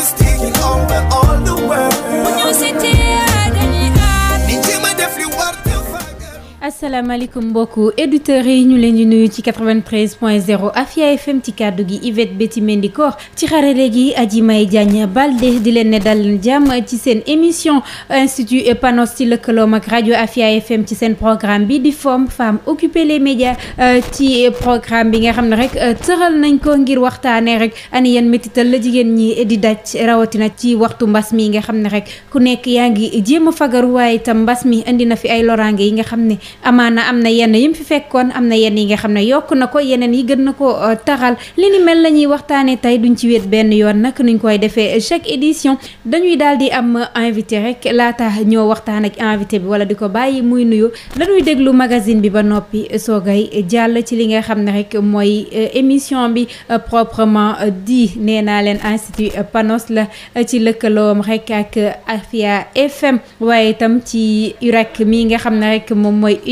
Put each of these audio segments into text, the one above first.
is taking over all the world. asalaamaaleykum mbokku auditeurs yi ñu leen di nuyu ci 93 point 0 Afia FM ci kàddu gi Yvette Betty Mendikor ci xarale gi Adji May Diagne Balde di leen ne dal leen jàmm ci seen émission institut Panos ci lëkkaloom ak rajo Afia FM ci seen programme bi di forme femme occuper les médias euh, ci programme bi nga xam ne rek euh, tëral nañ ko ngir waxtaanee rek ani yan la jigéen ñi di daj rawatina ci waxtu mbas mi nga xam ne rek ku nekk yaa ngi jéem a fagaru waaye itam mbas mi indi na fi ay loraange yi nga xam ne. amaana am na yenn yi mu fi fekkoon am na yenn yi nga xam ne yokk na ko yeneen yi gën na ko euh, taxal li ni mel la ñuy tey duñ ci wéet benn yoon nag nuñ koy defee chaque édition dañuy daal di am invité rek laata ñoo waxtaan ak invité bi wala di ko bàyyi muy nuyu dañuy déglu magazine bi ba noppi soogay jàll ci li nga xam ne rek mooy euh, émission bi euh, proprement di nee naa leen institut Panos la ci lëkkaloom rek ak Afia FM waaye itam ci URAC mi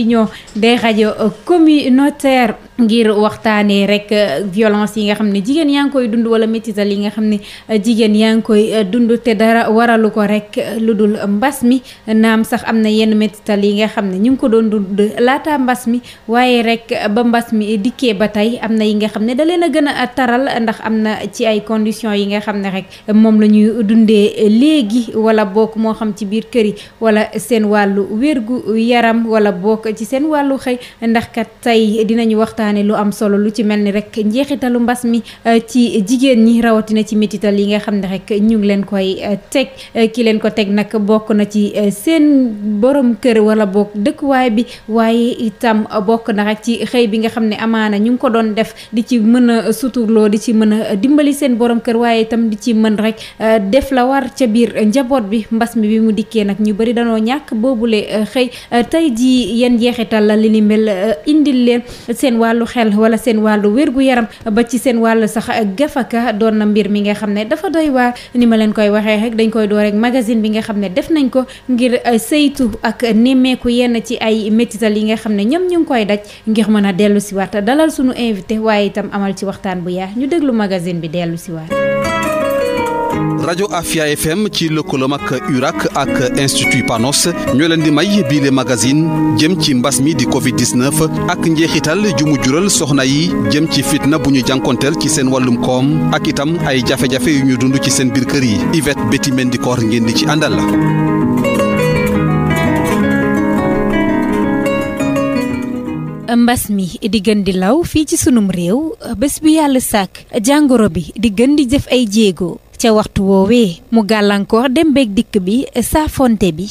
réunion des radios communautaires ngir waxtaanee rek euh, violence yi nga xam ne jigéen yaa ngi koy dund wala métisal yi nga xam ne euh, jigéen yaa ngi koy euh, dund te dara waralu ko rek lu dul mbas mi naam sax am na yenn métisal yi nga xam ne ñu ngi ko doon dund laata mbas mi waaye rek ba mbas mi dikkee ba tey am na yi nga xam ne da leen a gën a taral ndax am na ci ay conditions yi nga xam ne rek moom la ñuy dundee léegi wala bokk moo xam ci biir kër yi wala seen wàllu wérgu ci seen wàllu xëy ndax kat tey dinañu waxtaane lu am solo lu ci mel ni rek njeexitalu mbas mi euh, ci jigéen ñi rawatina ci métital yi nga xam ne rek ñu ngi leen koy euh, teg euh, ki leen ko teg nag bokk na ci seen borom kër wala boog dëkkuwaay bi waaye itam bokk na ci xëy bi nga xam ne amaana ñu ngi ko doon def di ci mën a suturloo di ci mën a dimbali seen borom kër waaye itam di ci mën rek def la war ca biir njaboot bi mbas mi bi mu dikkee nag ñu bari danoo ñàkk boobule xëy tey ji yenn njeexital la li ni eh, indil leen seen wàllu xel wala seen wàllu wér-gu-yaram ba ci seen wàllu sax gafaka doon na mbir mi nga xam ne dafa doy waar ni ma leen koy waxee rek dañ koy door rek magazine bi nga xam ne def nañ ko ngir eh, saytu ak nemmeeku yenn ci ay métital yi nga xam ne ñoom ñu ngi koy daj ngir mën a dellu si waat dalal suñu invité waaye itam amal ci waxtaan bu yaa ñu déglu magasin bi dellu si waat rajo Afia FM ci lëkkaloom ak URAC ak Institut Panos ñoo leen di may biile magazine jëm ci mbas mi di Covid 19 ak njeexital ju jural soxna yi jëm ci fitna bu ñu jànkonteel ci seen wàllum koom ak itam ay jafe-jafe yu ñu dund ci seen biir kër yi Yvette Betty Mendikor ngeen di ci àndal mbas fii ci sunum réew bés bu yàlla jàngoro bi di gën di jëf ay jéego ca waxtu woowee mu gàllankoor dem beeg dikk bi saafonte bi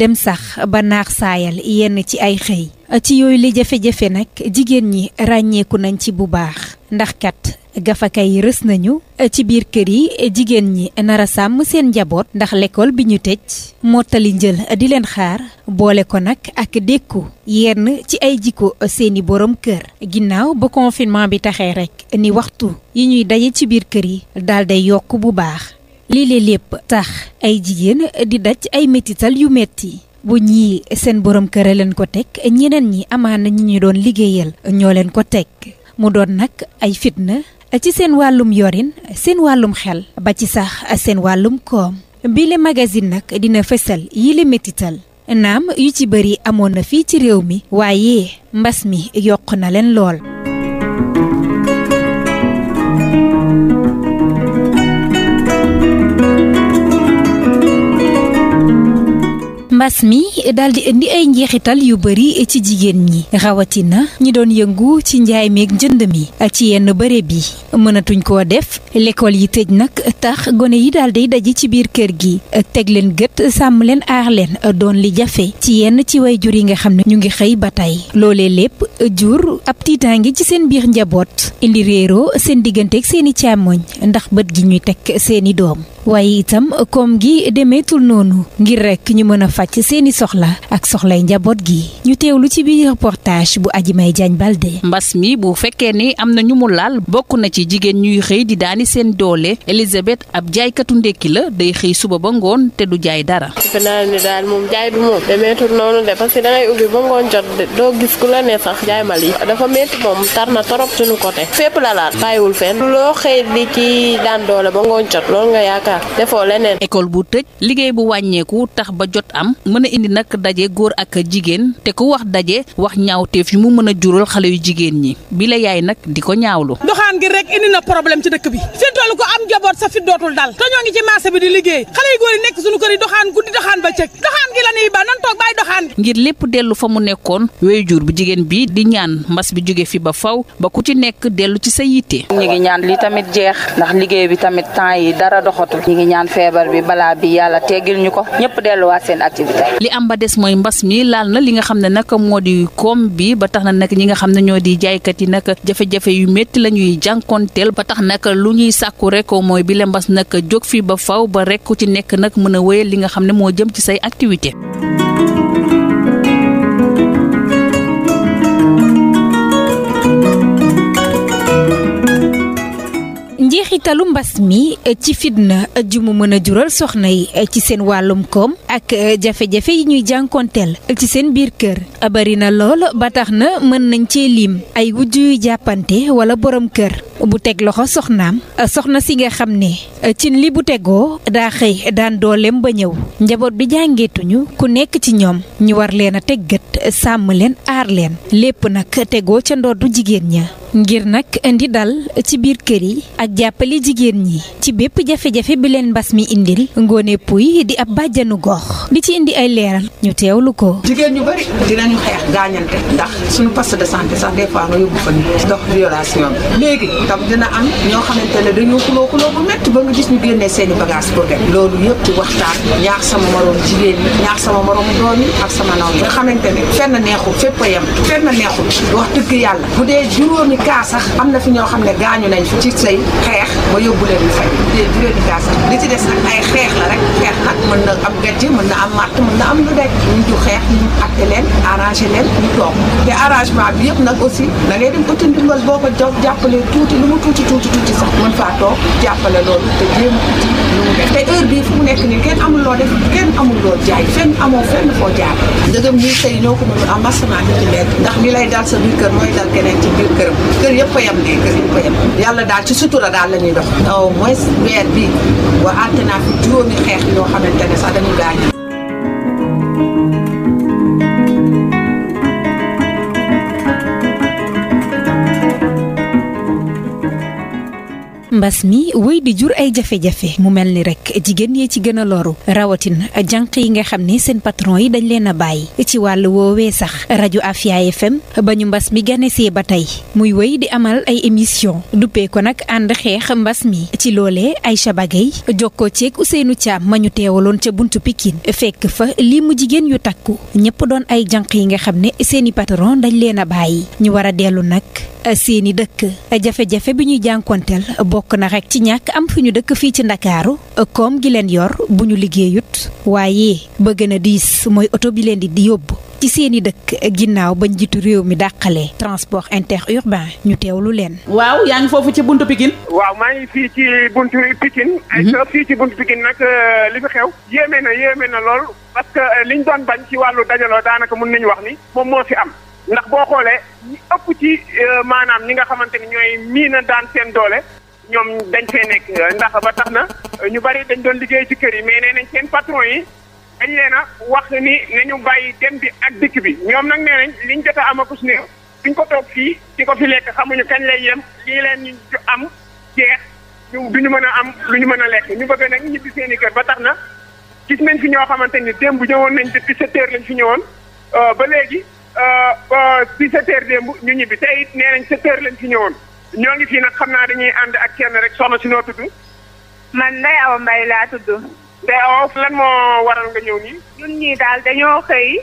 dem sax ba naax saayal yenn ci ay xëy ci yooyu li jafe-jafe nag jigéen ñi ràññeeku nañ ci bu baax ndax kat gafaka yi rës nañu eh, ci biir kër yi eh, jigéen ñi nara sàmm seen njaboot ndax lekkool bi ñu tëj mottali njël eh, di leen xaar boole ko nag ak dékku yenn ci ay jikko seeni borom kër ginnaaw ba confinement bi taxee rek ni waxtu yi ñuy daje ci biir kër yi daal day yokk bu baax lii lee lépp tax ay jigéen di daj ay métital yu metti bu ñii seen borom kër leen ko teg ñeneen ñi amaan ñi ñu doon liggéeyal ñoo leen ko teg mu doon nag ay fitna ci seen wàllum yorin seen wàllum xel ba ci sax seen wàllum koom bile magasin nag dina fësal yile métital naam yu ci bëri amoon na fii ci réew mi waaye mbas mi yokk na leen lool mbas mi daal di indi ay njeexital yu bëri ci jigéen ñi rawatina ñi doon yëngu ci njaay meeg njënd mi ci yenn bëre bi mënatuñ ko def lekkool yi tëj nag tax gone yi daal day daje ci biir kër gi teg leen gët sàmm leen aar leen doon li jafe ci yenn ci way jur yi nga xam ne ñu ngi xëy ba tey loolee lépp jur ab tiitaange ci seen biir njaboot indi réeroo seen digganteeg seeni càmmooñ ndax bët gi ñuy teg seeni doom waaye itam koom gi demeetul noonu ngir rek ñu mën a faj seeni soxla ak soxlay njaboot gi ñu teewlu ci biir reportage bu Aji May Diagne Balde. mbas mi bu fekkee ni am na ñu mu laal bokk na ci jigéen ñuy xëy di daani seen doole Elisabeth ab jaaykatu ndekki la day xëy suba ba ngoon te du jaay dara. naa ne daal moom jaay bi moom demeetul noonu de parce que dangay ubbi ba ngoon jot doo gis ku la ne sax jaay ma lii dafa métti moom tar na torop suñu côté fépp la laal bàyyiwul loo xëy di ci daan ça defoo leneen. école bu tëj liggéey bu wàññeeku tax ba jot am mën a indi nag daje góor ak jigéen te ku wax daje wax ñaawteef yu mu mën a jural xale yu jigéen ñi bi la yaay nag di ko ñaawlu. doxaan gi rek indi na problème ci dëkk bi fi toll ko am njaboot sa fi dootul dal te ngi ci marché bi di liggéey xale yu góor yi nekk suñu kër yi doxaan guddi doxaan ba cëg doxaan gi la ñuy ba nan toog doxaan gi. ngir lépp dellu fa mu nekkoon wéy jur bu jigéen bi di ñaan mbas fi ba faw ba ku ñi ngi ñaan feebar bi balaa bi yàlla teggil ñu ko ñëpp delluwaat seen activité li am ba des mooy mbas mi laal na li nga xam ne nag moo di koom bi ba tax na nag ñi nga xam ne ñoo di jaaykat yi nag jafe-jafe yu métti la ñuy jànkonteel ba tax nag lu ñuy sàkku rek mooy bi la mbas nag jóg fii ba faw ba rekku ci nekk nag mën a wéyal li nga xam ne moo jëm ci say activité njeexitalu mbas mi eh, ci fitna eh, ji mu mën a jural soxna yi eh, ci seen wàllum koom ak jafe-jafe yi ñuy jànkonteel ci seen biir kër bari na lool ba tax na mën nañ ci liim ay wujj yu jàppante wala borom kër bu teg loxo soxnaam soxna si nga xam ne cin li bu tegoo daa xëy daan dooleem ba ñëw njaboot bi jàngeetuñu ku nekk ci ñoom ñu war leen a teggat sàmm leen aar leen lépp nag tegoo ca ndoddu jigéen ña ngir nag indi dal ci biir kër yi ak jàppale jigéen ñi ci bépp jafe-jafe bi leen mbas mi indil Ngoné Pouy di ab bàjjanu gox li ci indi ay leeral ñu teewlu ko. jigéen ñu bari dinañu xeex gaañante ndax suñu poste de santé sax des nga yóbbu fa ni dox violation tam dina am ñoo xamante ne dañoo xuloo xuloo bu métti ba nga gis ñu génnee seen i bagage pour dem loolu yëpp waxtaan ñaax sama moroom jigéen ñaax sama moroom doom yi ak sama naw yi ne fenn neexul fépp a yem fenn neexul wax yàlla bu dee juróomi kaa sax am na fi ñoo xam ne gaañu nañ ci say xeex ba yóbbu leen ñu faj bu dee juróomi kaa li ci des nag ay xeex la rek xeex nag mën na am gàcce mën na am màtt mën na am lu dekk ñu ju xeex ñu atte leen arrangé leen ñu toog te arrangement bi nag aussi tuuti lu mu tuuti tuuti tuuti sax mën faa toog jàppale loolu te jéem uti lu mu def te heure bii fu mu nekk nii kenn amul loo def kenn amul loo jaay fenn amoo fenn foo jaar ndëgëm ñuy sëy ñoo ko mënul am masanaa ñu ci lekk ndax li lay dal sa biir kër mooy dal keneen ci biir këram kër yëpp ko yem ne kër yëpp ko yem yàlla daal ci sutura daal la ñuy dox au moins weer bi waa àtte naa fi juróomi xeex yoo xamante ne sax dañu gaañal mbas mi wéy di jur ay jafe-jafe mu mel ni rek jigéen yee ci gën a loru rawatina jànq yi nga xam ni seen patron yi dañ leen a bàyyi ci wàllu woowee sax rajo Afia FM ba ñu mbas mi ganesee ba tey muy wéy di amal ay émission duppee ko nag ànd xeex mbas mi ci loole ay Aïcha Bagay ko ceeg seenu Thiam ma ñu teewaloon ca buntu Pikine fekk fa lii mu jigéen yu takku ñëpp doon ay jànq yi nga xam ne seeni patron dañ leen bàyyi ñu war dellu nag Eh, seeni dëkk eh, jafe-jafe bi ñuy jànkonteel bokk na rek ci ñàkk am fi ñu dëkk fii ci ndakaaru eh, koom gi leen yor bu ñu liggéeyut waaye bëgg na a diis mooy oto bi leen di di yóbbu ci seeni dëkk ginnaaw ba njiitu réew mi dàqalee transport interurbain ñu teew lu leen. waaw yaa ngi foofu ci buntu Pikine. waaw maa ngi fii ci buntu Pikine. ay mhm. sa fii ci buntu Pikine nag li fi xew. yéeme na yéeme na lool parce que liñ doon bañ ci wàllu dajaloo daanaka mun nañu wax ni moom moo fi am. ndax boo xoolee ñu ëpp ci euh, maanaam ñi nga xamante ni ñooy miin a daan seen doole ñoom dañ fee nekk ndax ba tax na ñu bari dañ doon liggéey ci kër yi mais nee nañ seen patron yi dañ leen a wax ni nañu bàyyi dem bi ak dikk bi ñoom nag nee nañ liñ jot a am akus néew duñ ko toog fii di ko fi lekk xamuñu kañ lay yem lii leen ñu am jeex ñu duñu mën a am lu ñu mën a lekk ñu bëgg nag ñibbi seen i kër ba tax na gis nañ fi ñoo xamante ni démb ñëwoon nañ depuis sept heures lañ fi ñëwoon euh, ba léegi Euh, si sept heures démb ñu bi tey it nee nañ sept heures lañ fi ñëwoon ñoo ngi fii nag xam naa dañuy ànd ak kenn rek soxna si noo tudd. man Ndeye Awa Mbaye laa tudd. Ndeye Awa lan moo waral nga ñëw nii. ñun ñii daal dañoo xëy.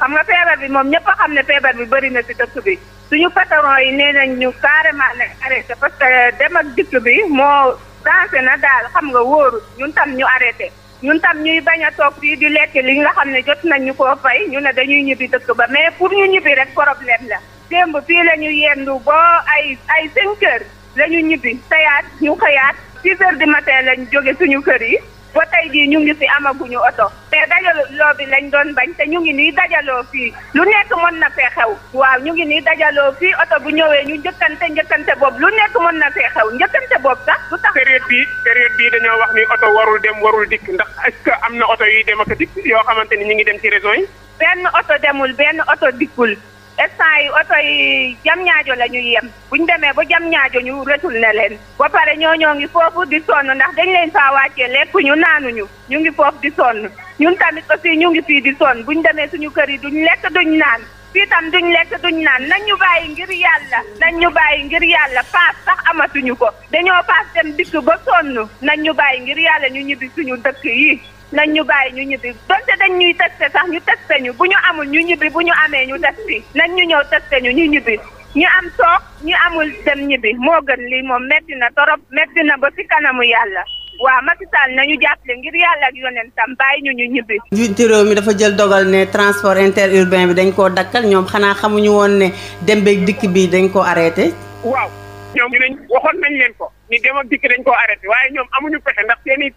xam nga feebar bi moom ñëpp a xam ne feebar bi bëri na si dëkk bi suñu patron yi nee nañ ñu carrément nañ arrêté parce dem ak dikk bi moo dansé na daal xam nga wóoru ñun tam ñu arrêté. ñun tam ñuy bañ a toog fii di lekk li nga xam ne jot nañ ñu ko fay ñu ne dañuy ñibbi dëkk ba mais pour ñu ñibbi rek problème la démb fii la ñu yendu boo ay ay cinq heures la ñibbi tayaat ñu xëyaat six heures du matin lañ jóge suñu kër yi ba tey jii ñu ngi fi amaguñu oto te dajaloo bi lañ doon bañ te ñu ngi nii dajaloo fii lu nekk mën na fee xew waaw ñu ngi nii dajaloo fii oto bu ñëwee ñu njëkkante njëkkante boobu lu nekk mën na fee xew njëkkante boobu sax lu tax période bii période bii dañoo wax ni oto warul dem warul dikk ndax est am na oto yuy dem ak dikk yoo xamante ni ñu ngi dem ci région yi benn oto demul benn oto dikkul instant yi oto yi jam ñaajo la ñuy yem buñ demee ba jam ñaajo ñu retul ne leen ba pare ñoo ñoo ngi foofu di sonn ndax dañ leen faa wàccee lekkuñu naanuñu ñu ngi foofu di sonn ñun tamit aussi ñu ngi fii di sonn buñ demee suñu kër yi duñ lekk duñ naan fii tam duñ lekk duñ naan nañ ñu bàyyi ngir yàlla nañ ñu bàyyi ngir yàlla paas sax amatuñu ko dañoo paas dem dikk ba sonn nañ ñu bàyyi ngir yàlla ñu ñibbi suñu dëkk yi nañ ñu bàyyi ñu ñibbi donte dañ ñuy testé sax ñu testé ñu bu ñu amul ñu ñibbi bu ñu amee ñu testé nañ ñu ñëw testé ñu ñu ñibbi ñu am toog ñu amul dem ñibbi moo gën lii moom metti na torop metti na ba ci kanamu yàlla. waaw Macky Sall nañu jàppale ngir yàlla ak yonentam bàyyi ñu ñu ñibbi. njiitu réew mi dafa jël dogal ne transport interurbain bi dañ koo dakkal ñoom xanaa xamuñu woon ne dem beeg dikk bii dañ koo arrêté. waaw ñoom ñu ne waxoon nañ leen ko ni dem ak dikk waaye ñoom amuñu pexe ndax seeni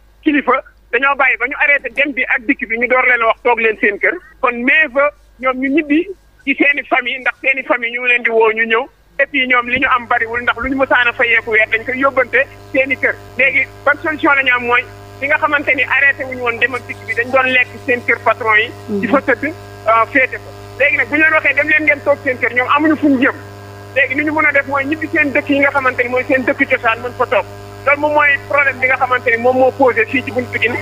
dañoo bàyyi ba ñu arrêté dem bi ak dikk bi ñu door leen wax toog leen seen kër kon mais fa ñoom ñu ñibbi ci seen i ndax seeni i famille ñu leen di woo ñu ñëw et puis ñoom li ñu am bariwul ndax lu ñu mësaan fa yeeku weer dañ koy yóbbante seeni i kër léegi ban solution la ñu am mooy li nga xamante ni arrêté wuñu woon dem ak dikk bi dañ doon lekk seen kër patron yi mhm. di fa tëdd euh, féete fa léegi nag bu leen waxee dem leen ngeen toog seen kër ñoom amuñu fu ñu jëm léegi ñu mën a def mooy ñibbi seen dëkk yi nga xamante ni mooy seen dëkk cosaan mën fa toog loolu moom mooy problème bi nga xamante ni moom moo posé fii ci buñ Pikine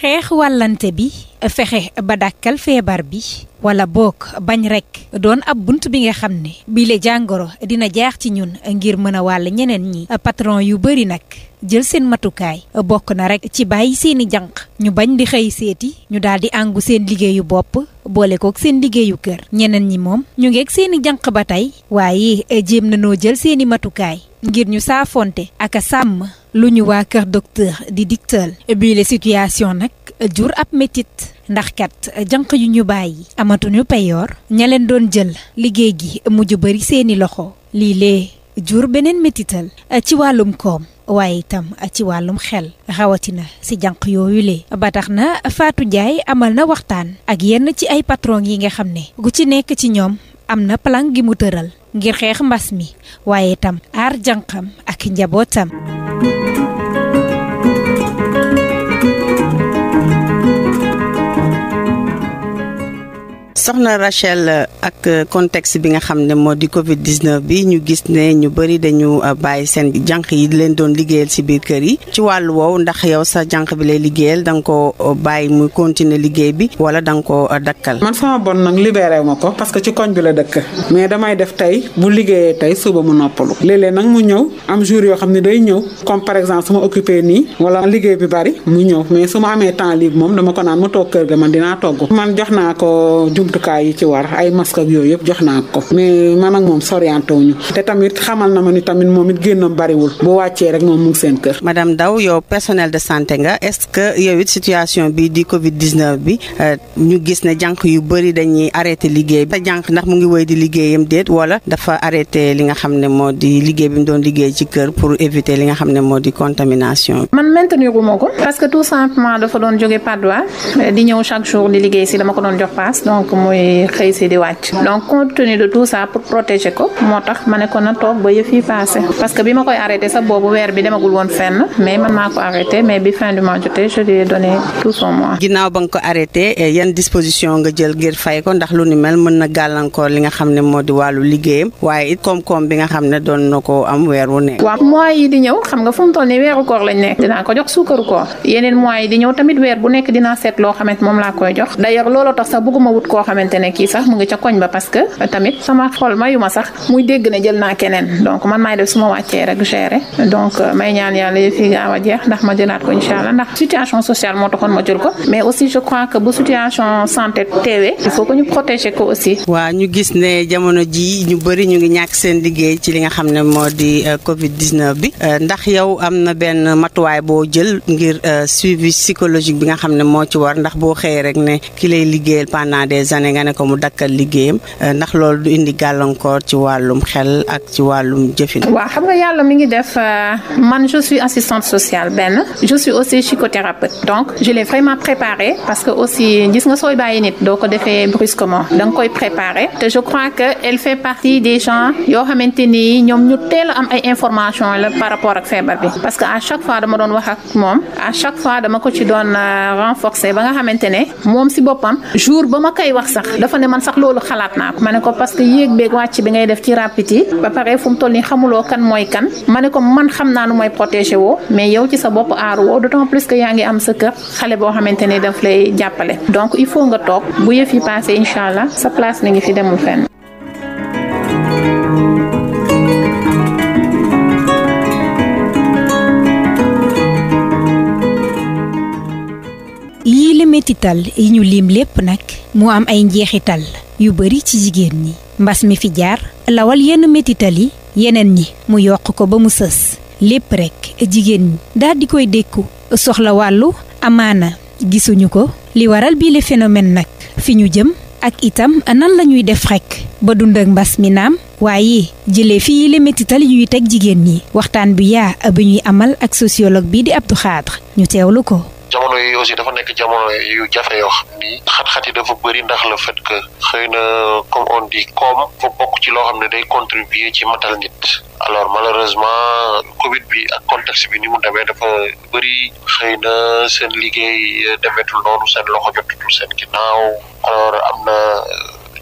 xeex wàllante bi fexe ba dàkkal feebar bi wala boog bañ rek doon ab bunt bi nga xam ni bile jàngoro dina jaax ci ñun ngir mën a wàll ñeneen ñi patron yu bëri nag jël seen matukaay bokk na rek ci bàyyi seeni jànq ñu bañ di xëy seeti ñu daal di àngu seen liggéeyu bopp boole kook seen liggéeyu kër ñeneen ñi moom ñu ngeeg seeni jànq ba tey waaye eh, jéem na noo jël seeni matukaay ngir ñu saafonte ak a sàmm lu ñu waa kër docteur di digtal bii la situation nag jur ab métit ndax kat jànq yu ñu bàyyi amatuñu payoor ñaleen doon jël liggéey gi mujj bari seeni loxo lii lee jur beneen métital ci wàllum koom waaye itam ci wàllum xel rawatina ci jànq yooyu lee ba tax na Fatou Ndiaye amal na waxtaan ak yenn ci ay patron yi nga xam ne ku ci nekk ci ñoom am na plan gi mu tëral ngir xeex mbas mi waaye itam aar jànqam ak njabootam soxna Rachel ak contexte bi nga xam ne moo di Covid 19 bi ñu gis ne ñu bëri dañu bàyyi seen jànq yi leen doon liggéeyal si biir kër yi ci wàllu wow ndax yow sa jànq bi lay liggéeyal da nga ko bàyyi muy continuer liggéey bi wala da nga ko dakkal. man sama bon nag libéré ma ko parce que ci koñ bi la dëkk mais damay def tey bu liggéeyee tey suba mu noppalu léeg nag mu ñëw am jour yoo xam ne day ñëw comme par exemple su ma occupé nii wala liggéey bi bari mu ñëw mais su ma amee temps libre moom dama ko naan ma toog kër ga man dinaa togg jumtukaay yi ci war ay masque ak yooyu yëpp jox naa ko mais man ak moom soriante wuñu te tamit xamal na ma euh, ñu gis ne jànq yu bëri dañuy arrêté liggéey bi jànq ndax mu ngi wéy di liggéeyam déet wala dafa arrêté li nga xam ne moo di liggéey bi mu doon liggéey ci kër pour éviter li nga xam ne moo di contamination man maintenir uma ko parce que tout simplement dafa doon jóge Padois di ñëw chaque jour di liggéey si dama ko doon jox paas muy xëy si di wàcc donc compte tenu de tout ça pour protéger ko moo tax ma ne ko na toog ba yëf yi passé parce que bi ma koy arrêté sax boobu weer bi demagul woon fenn mais man maa ko arrêté mais bi fin du mois jotee tout son mois. ginnaaw ba nga ko arrêté eh, yan disposition nga jël ngir fay ko ndax lu ni mel mën na gàllankoor li nga xam ne moo di wàllu liggéeyam waaye it koom-koom bi nga xam ne doon na ko am weer wu nekk. waaw mois yi di ñëw xam nga fu mu toll nii weeru koor lañ nekk dinaa ko jox suukaru koor yeneen mois yi di ñëw seet loo xamante moom laa koy jox d'ailleurs looloo xamante ne kii sax mu ngi ca koñ ba parce que tamit sama xol mayu sax muy dégg ne jël naa keneen donc man maay def su ma wàccee rek gérer donc euh, may ñaan yàlla yëf yi gaaw a jeex ndax ma jëlaat ko incha allah ndax situation sociale moo taxoon ma jël ko mais aussi je crois que bu situation santé teewee il faut ko ñu protéger ko aussi. waa ñu gis ne jamono ji ñu bëri ñu ngi ñàkk seen liggéey ci li nga xam ne moo di euh, Covid 19 bi euh, ndax yow am na benn matuwaay boo jël ngir suivi psychologique bi nga xam ne moo ci war ndax boo xëyee tànne nga ne ko mu dakkal liggéeyam euh, ndax loolu du indi gàllankoor ci wàllum xel ak ci wàllum jëfin. waa xam nga yàlla mu ngi def euh, man je suis assistante sociale benn je suis aussi psychothérapeute donc je l'ai vraiment préparé parce que aussi gis nga sooy bàyyi nit doo ko defee brusquement da nga koy préparé te je crois que elle fait partie des gens yoo xamante ni ñoom ñu teel am ay information la par rapport ak feebar bi parce que à chaque fois dama doon wax ak moom à chaque fois ko ci doon euh, renforcer ba sax dafa ne man sax loolu xalaat naa ko ma ne ko parce que yéeg beeg wàcc bi ngay def ci rapide yi ba pare fu toll nii xamuloo kan mooy kan ma ne ko man xam naa nu mooy protégé woo mais yow ci sa bopp aaru woo d'autant plus que yaa ngi am sa kër xale boo xamante ne daf lay jàppale donc il faut nga toog bu yëf yi passé incha allah sa place mi ngi fi demul fenn métital yi ñu lim lépp nag mu am ay njeexital yu bari ci jigéen ñi mbas mi fi jaar lawal yenn métital yi yeneen ñi mu yokk ko ba mu sës lépp rekk jigéen ñi daal di koy dékku soxla wàllu amaana gisuñu ko li waral bii le phénomène nag fi ñu jëm ak itam nan la ñuy def rekk ba dund ak mbas mi naam waaye jëlee fii le métital yuy teg jigéen ñi waxtaan bi yaa bi ñuy amal ak sociologue bii di Abdou Khadre ñu teewlu ko jamono yi aussi dafa nekk jamono yu jafe yoo xam ni xat-xat yi dafa bëri ndax le fait que xëy na comme on dit koom fa bokk ci loo xam ne day contribuer ci matal nit alors malheureusement Covid bi ak contexte bi ni mu demee dafa bëri xëy na seen liggéey demeetul noonu seen loxo jotutul seen ginnaaw alors am na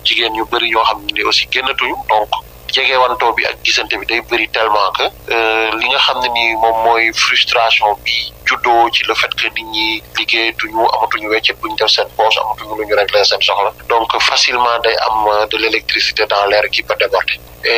jigéen yu bëri ñoo xam ne aussi génnatuñu donc. jege wanto bi ak gisante bi day bëri tellement que euh, li nga xam ne ni moom mooy frustration bi juddoo ci le fait que nit ñi liggéeyatuñu amatuñu weccet buñ def seen poche amatuñu lu ñu régler seen soxla donc facilement day am euh, de l' électricité dans l'air qui peut déborder e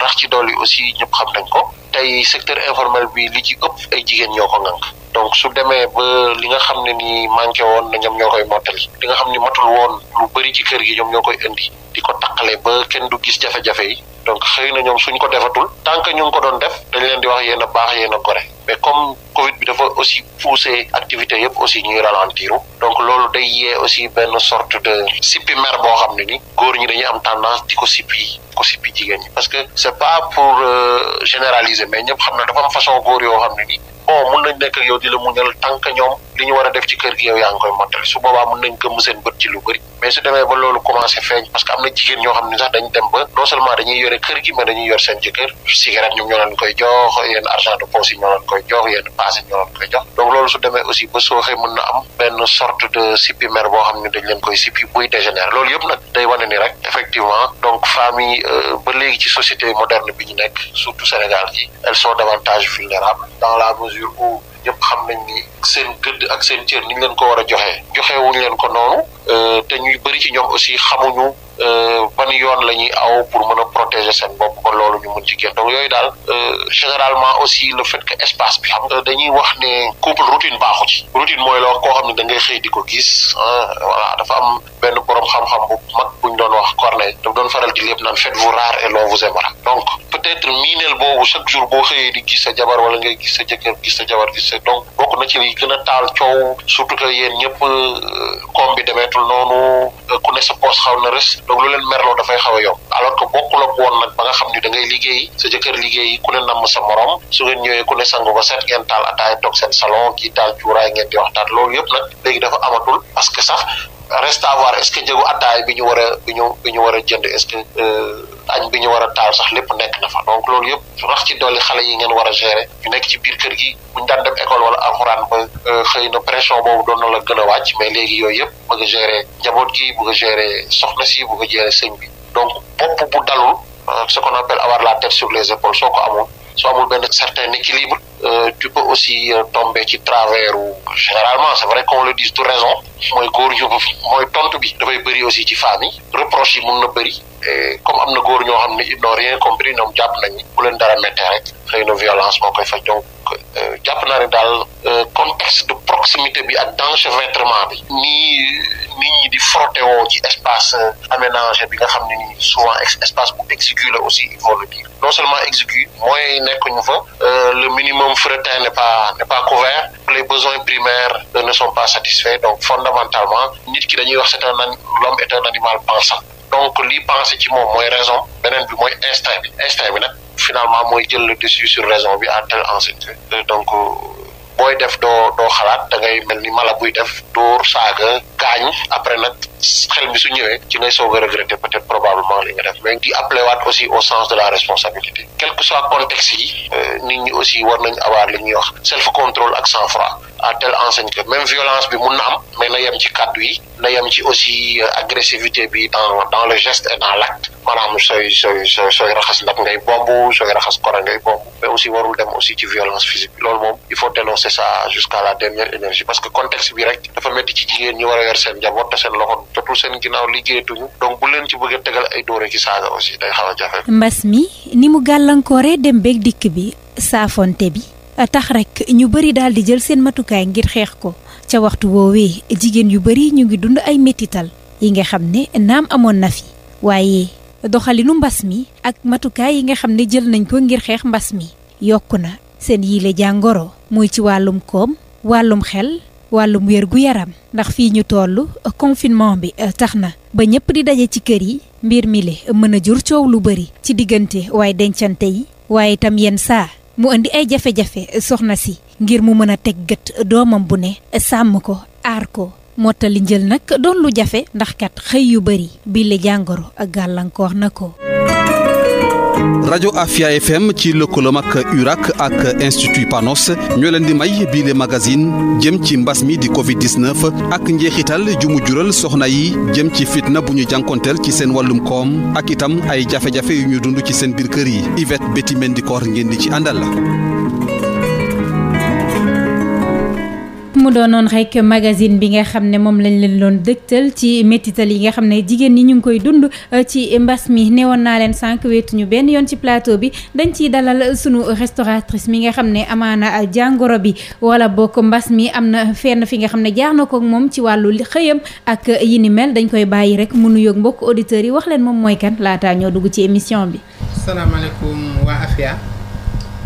rax ci dool yi aussi ñëpp xam nañ ko tey secteur informel bi li ci ëpp ay jigéen ñoo ko ŋànk donc su demee ba li nga xam ne ni manqué woon na ñoom ñoo koy mottali li nga xam ni matul woon lu bëri ci kër gi ñoom ñoo koy indi di ko taqale ba kenn du gis jafe-jafe yi donc xëy na ñoom suñ ko defatul tant que ñu ngi ko doon def dañ leen di wax a baax yéen a gore mais comme Covid bi dafa aussi poussé activité yëpp aussi ñuy ralentiru donc loolu day aussi benn sorte de sippi mer boo xam ne ni góor ñi dañuy am tendance di ko sippi ko sippi ñi parce que c'est pas pour euh, généraliser mais ñëpp xam ne dafa am façon góor yoo xam ne ni bon mun nañ nekk ak yow ñoom li ñu war def ci kër gi yow yaa koy mottali su boobaa mun nañ gëmm seen bët ci lu bëri mais su demee ba loolu commencé feeñ parce que am na jigéen ñoo xam ne sax dañ dem ba non seulement dañuy yore kër gi mais dañuy yor seen jëkkër cigarette ñoom koy jox yenn argent de poche yi ñoo leen koy jox yenn passe ñoo koy jox donc am benn sorte de sipi mère xam ne dañ leen koy sipi buy dégénère loolu yëpp nag day wane rek effectivement euh, bi ñu nekk surtout Sénégal mesure où ñëpp xam nañ ni seen gëdd ak seen cër ni ñu leen ko war a joxe joxe wuñ leen ko noonu euh, te ñuy bëri ci ñoom aussi xamuñu euh, ban yoon la ñuy aw pour mën a protéger seen bopp ba loolu ñu mun ci génn donc yooyu daal euh, généralement aussi le fait que espace bi xam nga dañuy wax ne couple routine baaxu ci routine mooy loo koo xam ne da ngay xëy di ko gis voilà am benn borom xam-xam bu mag buñ doon wax Corneille daf doon faral di lépp naan faites-vous rare et l'on vous donc peut-être miineel boobu chaque jour boo xëyee di gis sa jabar wala ngay gis sa gis sa jabar gis c'est donc bokk na ci li gën taal coow surtout que yéen ñëpp euh, koom bi demeetul noonu euh, ku ne sa poos xaw na rës donc lu leen merloo dafay xaw a yomb alors que bokkul ak woon nag ba nga xam ni da liggéey sa jëkkër liggéey ku ne namm sa morom su ngeen ñëwee ku ne sangu ba set ngeen taal ataay toog seen salon kii taal cuuraay ngeen di taat loolu yëpp nag léegi dafa amatul parce que sax reste à voir est-ce que njëgu attaay bi ñu war a ñu war a jënd est-ce que euh, añ bi ñu war a taal sax lépp nekk na fa donc loolu yëpp rax ci dolli xale yi ngeen war a gérer nekk ci biir kër gi buñ daan dem école wala alxuraan ba euh, xëy na pression boobu doon na la gën a wàcc mais léegi yooyu yëpp bëgg a gérer njaboot gi bëgg a gérer soxna si bëgg a gérer sëñ bi donc bopp bu dalul euh, ce qu'on appelle avoir la tête sur les épaules soo ko amul soo amul benn certain équilibre tu peux aussi tomber ci travers ou généralement c'est vrai qu'on le dise tout raison mooy góor ñu mooy tontu bi dafay bëri aussi ci femmes yi reproche yi mun na bëri eh, comme am na góor ñoo xam ne ils n'ont rien compris ñoom jàpp nañu bu leen dara méttee rek xëy na violence moo koy donc euh, jàpp naa ne daal euh, contexte de proximité bi ak d'enchevêtrement bi nii nit ñi di frotté woo ci espace euh, aménagé bi nga xam ne nii souvent espace bu exigu la aussi il faut le dire non seulement exigu mooy nekkuñu fa le minimum fretin n'est pas n'est pas couvert les besoins primaires ne sont pas satisfaits donc fond fondamentalement nit ki dañuy wax c'est un l'homme est un animal pensant donc lii pensé ci moom mooy raison beneen bi mooy instinct bi instinct bi nag finalement mooy jël le dessus sur raison bi à tel enseigne euh, donc euh, booy def doo doo xalaat da ngay ni mala buy def dóor saaga gaañ après nag xel bi su ñëwee ci ngay soog regretter peut-être probablement li def mais di appelé waat aussi au sens de la responsabilité quel soit contexte yi euh, nit ñuy wax self contrôle ak sang froid bi mun na am mais na yem ci kàddu euh, bi dans dans le geste dans l'acte maanaam sooy sooy sooy sooy raxas ndab ngay bomb sooy raxas kora ngay warul dem aussi ci violence physique loolu moom il faut dénoncer ça jusqu'à la dernière énergie parce que contexte bi rek dafa métti ci jigéen mbas mi ni mu gàllankooree dem beeg dikk bi saafonte bi atax rekk ñu bëri daldi jël seen matukaay ngir xeex ko ca waxtu woowee jigéen yu bëri ñu ngi dund ay métital yi nga xam ne naam amoon na fi waaye doxalinu mbas mi ak matukaay yi nga xam ne jël nañ ko ngir xeex mbas mi yokk na seen yiile jàngoro mooy ci wàllum koom wàllum xel wàllum wér gu yaram ndax fii ñu toll confinement bi euh, tax na ba ñëpp di daje ci kër yi mbir mi le mën a jur coow lu bëri ci diggante waaye dencante yi waaye itam yenn saa mu indi ay jafe-jafe euh, soxna si ngir mu mën a teg gët doomam bu ne euh, sàmm ko aar ko mottali njël nag doon lu jafe ndax kat xëy yu bëri bi le jàngoro gàllankoor na ko. rajo Afia FM ci lëkkaloo ak urak ak institut Panos ñoo leen di may bii magasin jëm ci mbas mi di Covid 19 ak njeexital ju mu soxna yi jëm ci fitna bu ñu jànkonteel ci seen wàllum koom ak itam ay jafe-jafe yu ñu dund ci seen biir kër yi Yvette Betty Mendikor ngeen di ci àndal. mu doonoon rek magasin bi nga xam ne moom lañ leen doon dëgtal ci métital yi nga xam ne jigéen ñi ñu ngi koy dund euh, ci mbas mi newoon naa leen sànq weetuñu benn yoon ci plateau bi dañ ciy dalal sunu restauratrice mi nga xam ne amaana jàngoro bi wala bokk mbas mi am na fenn fi nga xam ne jaar na ko moom ci wàllu xëyam ak yi mel dañ koy bàyyi rek mu nuyoog mbokk auditeurs yi wax leen moom mooy kan laataa ñoo dugg ci émission bi. salaamaaleykum waa Afia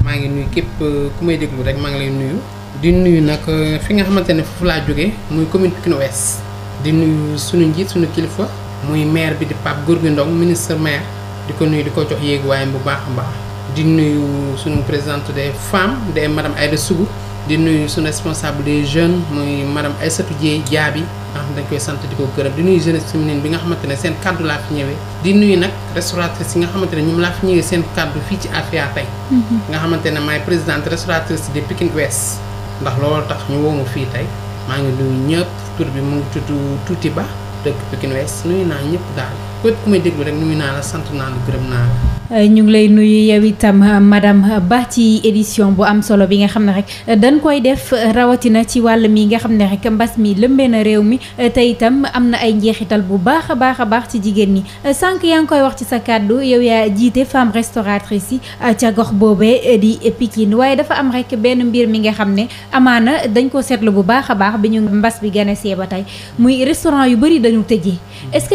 maa ngi nuyu képp ku may déglu rek maa ngi lay nuyu. di nuyu nag euh, fi nga xamante ne foofu laa jógee muy commune Pikine Ouest di nuyu suñu njiit suñu kilifa muy maire bi di Pape Gorgui Ndong ministre maire di ko nuyu di ko jox yéeguwaayam bu baax baax di nuyu suñu présidente des femmes de madame Aïda Sougou di nuyu suñu responsable des jeunes muy madame Aïssatou Dieye Diaby nga xam dañ koy sant di ko gërëm di nuyu jeunesse féminine bi nga xamante ne seen kàddu laa fi ñëwee di nuyu nag restauratrice yi nga xamante ne ñoom laa fi ñëwee seen kàddu fii ci Afia mm-hmm. nga xamante ne maay présidente restauratrice de Pikine Ouest ndax loolu tax ñu woo fii tey maa ngi nuyu ñëpp tur bi mu ngi Tuuti Ba dëkk Pikine Ouest nuyu naa ñëpp daal. képp ku may déglu rek nuyu euh, ñu ngi lay nuyu yow itam euh, madam euh, Ba ci édition bu am solo bi nga xam ne rek dañ koy def rawatina ci wàll mi nga xam ne rek mbas mi lëmbee na réew mi tey itam am na ay njeexital bu baax a baax a baax ci jigéen ñi sànq yaa ngi koy wax ci sa kàddu yow yaa jiite femme restauratrice yi ca gox boobe di Pikine waaye dafa am rek benn mbir mi nga xam ne amaana dañ ko seetlu bu baax a baax bi ñu mbas bi gane see ba tey muy restaurant yu bëri dañu tëjee est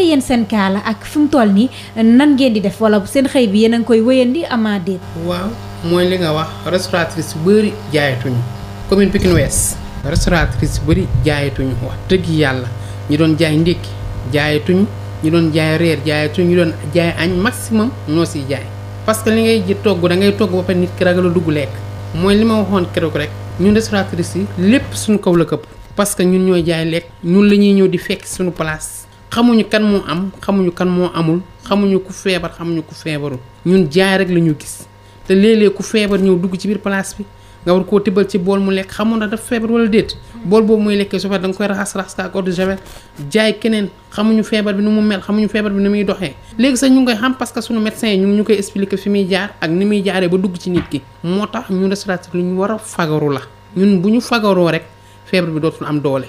ak fu mu toll nii nan ngeen di def wala seen xëy bi yeneen a koy wéyandi ama déet. waaw mooy li nga wax restauratrice bu bëri jaayatuñu commune Pikine Ouest restauratrice bu bëri jaayatuñu wax dëgg yàlla ñu doon jaay ndékki jaayatuñu ñu doon jaay reer jaayatuñu ñu doon jaay añ maximum ñoo siy jaay. parce que li ngay ji togg da ngay togg ba pare nit ki ragal a dugg lekk mooy li ma waxoon keroog rek ñun restauratrice yi lépp suñu kaw la këpp parce que ñun ñooy jaay la ñuy ñëw di fekk suñu place. xamuñu kan moo am xamuñu kan moo amul xamuñu ku feebar xamuñu ku feebaru ñun jaay rek la ñu gis te léeg-léeg ku feebar ñëw dugg ci biir place bi nga war koo tibbal ci bool mu lekk xamoon ndax dafa feebar wala déet bool boobu muy lekkee su fekkee da nga koy raxas raxas ak eau javel jaay keneen xamuñu feebar bi nu mu mel xamuñu feebar bi nu muy doxee léegi sax ñu ngi koy xam parce que suñu médecin yi ñu ngi ñu koy expliquer fi muy jaar ak ni muy jaaree ba dugg ci nit ki moo tax ñun restaurateur lu ñu war a fagaru la ñun bu ñu fagaroo rek feebar bi dootul am doole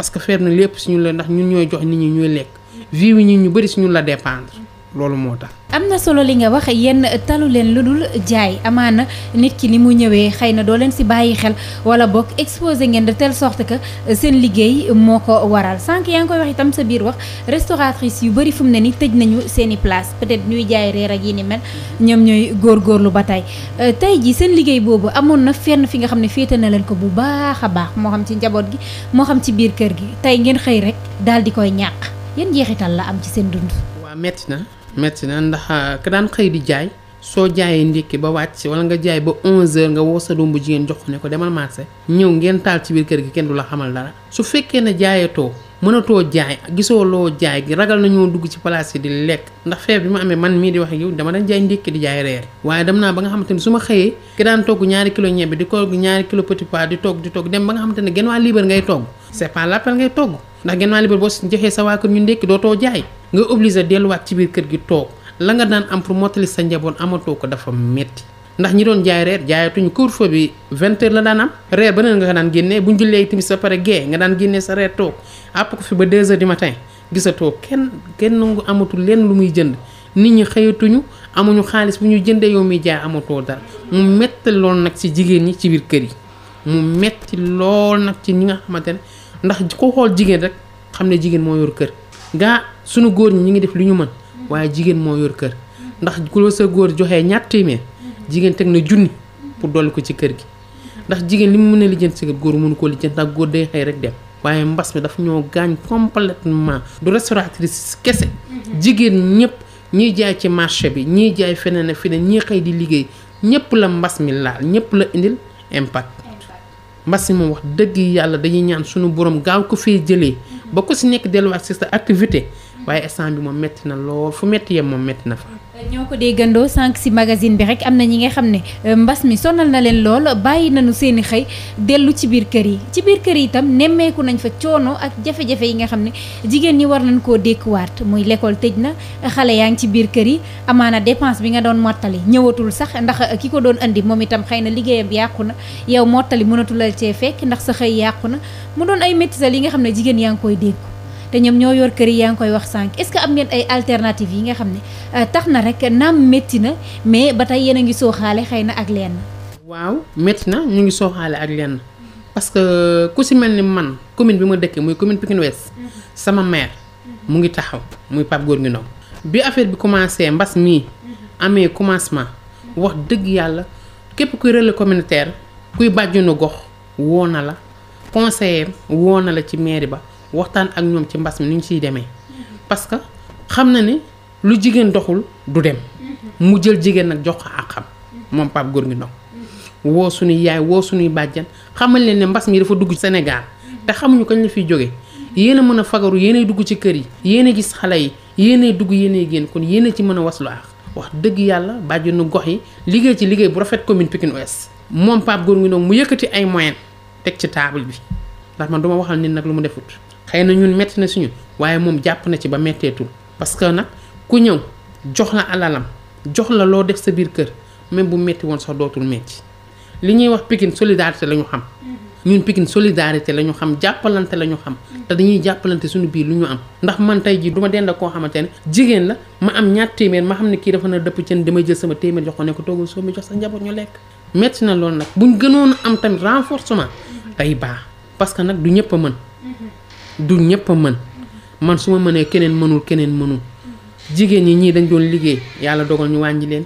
parce que feer na lépp si ñun la ndax ñun ñooy jox nit ñi ñooy lekk vie wi ñun ñu bëri si ñun la dépendre loolu moo tax. am na solo li nga wax yenn talu leen lu dul jaay amaana nit ki ni mu ñëwee xëy na doo leen si bàyyi xel wala bokk exposé ngeen de telle sorte que seen liggéey moo ko waral sànq yaa ngi koy wax itam sa biir wax restauratrice yu bëri fu mu ne ni tëj nañu seeni i place peut-être ñuy jaay reer ak yi ni mel ñoom ñooy góorgóorlu ba tey euh, tey jii seen liggéey boobu amoon na fenn fi nga xam ne féete na leen ko bu baax a baax moo xam ci njaboot gi moo xam ci biir kër gi tey ngeen xëy rek daal di koy ñàq yan jeexital la am ci seen dund. waa metti metti na ndax ah, ka daan xëy di jaay soo jaayee ndékki ba wàcc wala nga jaay ba 11h nga woo sa doom bu jigéen jox ko ne ko demal marché ñëw ngeen taal ci biir kër gi kenn du la xamal dara su fekkee ne jaayatoo mënatoo jaay gisoo loo jaay gi ragal nañoo dugg ci place yi di lekk ndax feeb bi ma amee man mii di wax yow dama daan jaay ndékki di jaay reer waaye dem naa ba nga xamante ni su ma xëyee ki daan togg ñaari kilo ñebbe di ko ñaari kilo petit di togg di togg dem ba nga xamante ne genn waa liibar ngay togg c'est pas l'appel ngay togg ndax genn wàll bi boo joxee sa waa kër ñu ndékki dootoo jaay nga obligé delluwaat ci biir kër gi toog la nga daan am pour mottali sa njaboot amatoo ko dafa metti ndax ñi doon jaay reer jaayatuñu couvre-feu bi vingt heures la daan am reer beneen nga daan génnee bu ñu jullee tamit sa pare gee nga daan génnee sa reer toog àpp ko fi ba deux heures du matin gisatoo kenn kenn nangu amatul lenn lu muy jënd nit ñi xëyatuñu amuñu xaalis bu ñu jëndee yow muy jaay amatoo dara mu lool nag ci jigéen ñi ci biir kër yi mu lool nag ci ñi nga xamante ndax ko xool jigéen rek xam ne jigéen moo yor kër gaa sunu góor ñi ñu ngi def lu ñu mën waaye jigéen moo yor kër ndax ku la sa góor joxe ñaar téeméer jigéen teg na junni pour dolli ko ci kër gi ndax jigéen li mu mën a lijjanti si góor mënu koo lijjanti ndax góor day xëy rek dem waaye mbas mi dafa ñoo gaañ complètement du restauratrice kese jigéen ñëpp ñiy jaay ci marché bi ñiy jaay feneen ak feneen ñii xëy di liggéey ñëpp la mbas mi laal ñëpp la indil impact mbas mi moom wax dëgg yi yàlla dañuy ñaan suñu borom gaaw ko fee jëlee ba ko si nekk delluwaat si sa activité waaye instant bi moom metti na lool fu metti yem moom metti na fa ñoo ko déggandoo sànq si magasin bi rek am na ñi nga xam ne euh, mbas mi sonal na leen lool bàyyi nañu seen i xëy dellu ci biir kër yi ci biir kër yi itam nemmeeku nañ fa coono ak jafe-jafe yi nga xam ne jigéen ñi war nañ koo dékkuwaat muy l'école tëj na xale yaa ngi ci biir kër yi amaana dépense bi nga doon mottali ñëwatul sax ndax ki ko doon andi moom itam xëy na liggéeyam yàqu na yow mottali mënatul cee fekk ndax sa yàqu na mu doon ay métisal yi nga xam ne jigéen yaa ngi koy dékku te ñoom ñoo yor kër yaa ngi koy wax sànq est-ce que am ngeen ay alternatives yi nga xam ne euh, tax na rek naam métti na mais ba tey yéen a ngi sooxaale xëy na ak leen waaw métti na ñu ngi sooxaale ak lenn parce que euh, ku si mel ni man commune bi ma dëkkee muy commune Pikine Ouest sama maire mu ngi taxaw muy Pape Gorgui Ndong bi affaire bi commencé mbas mii amee commencement wax dëgg yàlla képp kuy relais communautaire kuy bàjjunu gox woo na la conseiller woo na la ci mairie ba. waxtaan ak ñoom ci mbas mi nu ñu ciy demee parce que xam na ni lu jigéen doxul du dem mu jël jigéen nag jox ko ak xam moom góor ngi Ndong woo suñuy yaay woo suñuy bàjjan xamal leen ne mbas mi dafa dugg Sénégal te xamuñu kañ la fiy jóge yéen a mën a fagaru yéen a dugg ci kër yi yéen a gis xale yi yéen a dugg yéen a génn kon yéen a ci mën a waslu ak wax dëgg yàlla nu gox yi liggéey ci liggéey bu rafet commune Pikine Ouest moom Pape Gorgui Ndong mu yëkkati ay moyen teg ci table bi ndax man duma waxal nit nag lu mu defut xëy na ñun metti na suñu waaye moom jàpp na ci ba metteetul parce que nag ku ñëw jox la alalam jox la loo def sa biir kër même bu metti woon sax dootul metti li ñuy wax Pikine solidarité la ñu xam mm-hmm. ñun Pikine solidarité la ñu xam jàppalante la ñu xam mm-hmm. te dañuy jàppalante suñu biir lu ñu am ndax man tey jii du ma dend koo xamante ne jigéen la ma am ñaar téeméer ma xam ne kii dafa na dëpp cën damay jël sama téeméer jox ko ne ko toogal sa njaboot ñu lekk metti na loolu nag buñ gënoon a am tamit renforcement mm-hmm. day baax parce que nag du ñëpp a mën du ñëpp a mën man su ma mënee keneen mënul keneen mënul jigéen ñi ñii dañ doon liggéey yàlla dogal ñu wàñji leen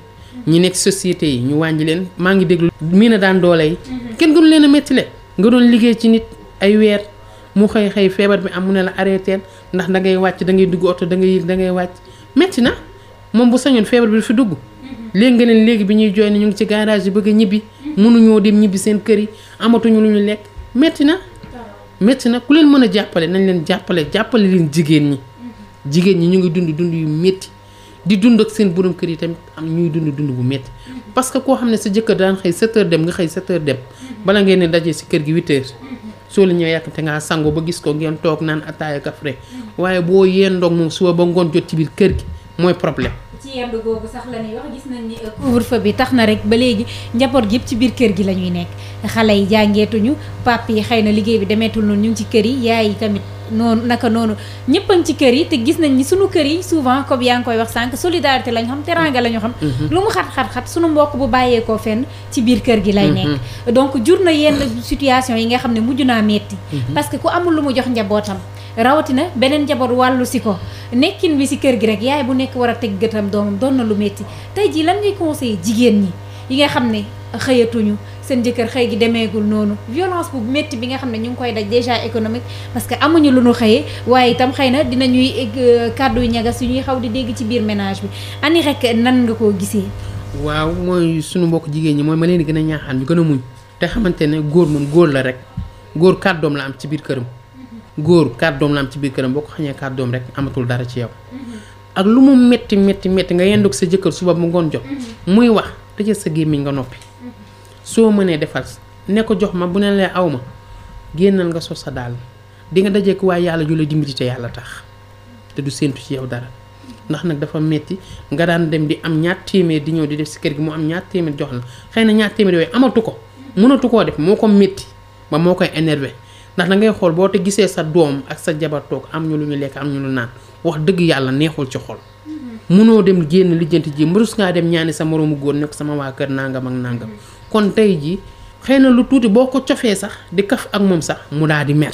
ñi nekk société yi ñu wàññi leen maa ngi déglu mii ne daan doole yi kenn gënu leen a méttile nga doon liggéey ci nit ay weer mu xëy xëy feebar bi am mu ne la arrêté ndax da wàcc da ngay dugg oto da ngay yëg da wàcc métti na moom bu sañoon feebar bi fi dugg léegi nga leen léegi bi ñuy jooy ne ñu ngi ci garage yi ñibbi mm-hmm. mënuñoo dem ñibbi seen kër yi amatuñu lu ñu métti na métti nag ku leen mën a jàppale nañ leen jàppale jàppale leen jigéen ñi jigéen ñi ñu ngi dund dund yu métti di dund ak seen borom kër yi tamit am ñuy dund dund bu métti parce que koo xam ne sa jëkkër daan xëy 7 dem nga xëy 7 dem bala ngeen ne daje si kër gi 8 soo la ñëwee yàkkamte ngaa sangu ba gis ko ngeen toog naan ataaya kafre waaye boo yeen ndoog moom suba ba ngoon jot ci biir kër gi mooy problème ci yendu googu sax la ñuy wax gis nañ ni euh, couvre-feu bi tax na rek ba léegi njaboot gi yëpp ci biir kër gi la ñuy nekk xale yi jàngeetuñu pap yi xëy na liggéey bi demeetul noonu ñu ngi ci kër yi yaay noonu naka noonu ñëpp a ci kër yi te gis nañ ni sunu kër yi souvent comme yaa ngi koy wax sànq solidarité lañ xam teranga lañu xam mm-hmm. lu mu xat-xat-xat sunu mbokk bu bàyyeekoo fenn ci biir kër gi lay nekk mm-hmm. donc jur na yenn situation yi nga xam ne mujj naa metti mm-hmm. parce que ku amul lu mu jox njabootam rawatina beneen jaboot wàllu si ko nekkin bi si kër gi rek yaay bu nekk war a teg gëtam doomam doon na lu metti tey jii lan ngay conseillé jigéen ñi yi nga xam ne xëyatuñu seen jëkkër xëy gi demeegul noonu violence bu métti bi nga xam ne ñu ngi koy daj déjà économique parce que amuñu lu ñu xëyee waaye itam xëy na egg euh, kàddu yu ñagas yu ñuy xaw di dégg ci biir ménage bi ani rek nan nga koo gisee. waaw mooy suñu mbokk jigéen ñi mooy ma leen gën a ñaaxaan ñu gën a muñ te xamante ne góor moom góor la rek góor kàddoom la ci biir këram góor quatre doom la am ci biir këram boo ko xañee quatre doom rek amatul dara ci yow ak lu mu metti metti metti nga yendoog sa jëkkër suba mu ngoon jot muy wax tëjal sa gémmiñ nga noppi soo mënee defal ne ko jox ma bu ne lee aw ma génnal nga sos sa dàll di nga dajeek waaye yàlla ju la dimbali te yàlla tax te du séentu ci yow dara ndax nag dafa metti nga daan dem di am ñaar téeméer di ñëw di def si kër gi mu am ñaat téeméer jox na xëy na ñaar téeméer yooyu amatu ko mënatu koo def moo ko metti ba moo koy énervé ndax da ngay xool boo te gisee sa doom ak sa jabar toog am ñu lu ñu lekk am ñu lu naan wax dëgg yàlla neexul ci xol. munoo dem génn lijjant ji mbarus ngaa dem ñaani sa moroomu góor ne sama waa kër nangam ak nangam kon tey ji xëy na lu tuuti boo ko cofee sax di kaf ak moom sax mu daal di mer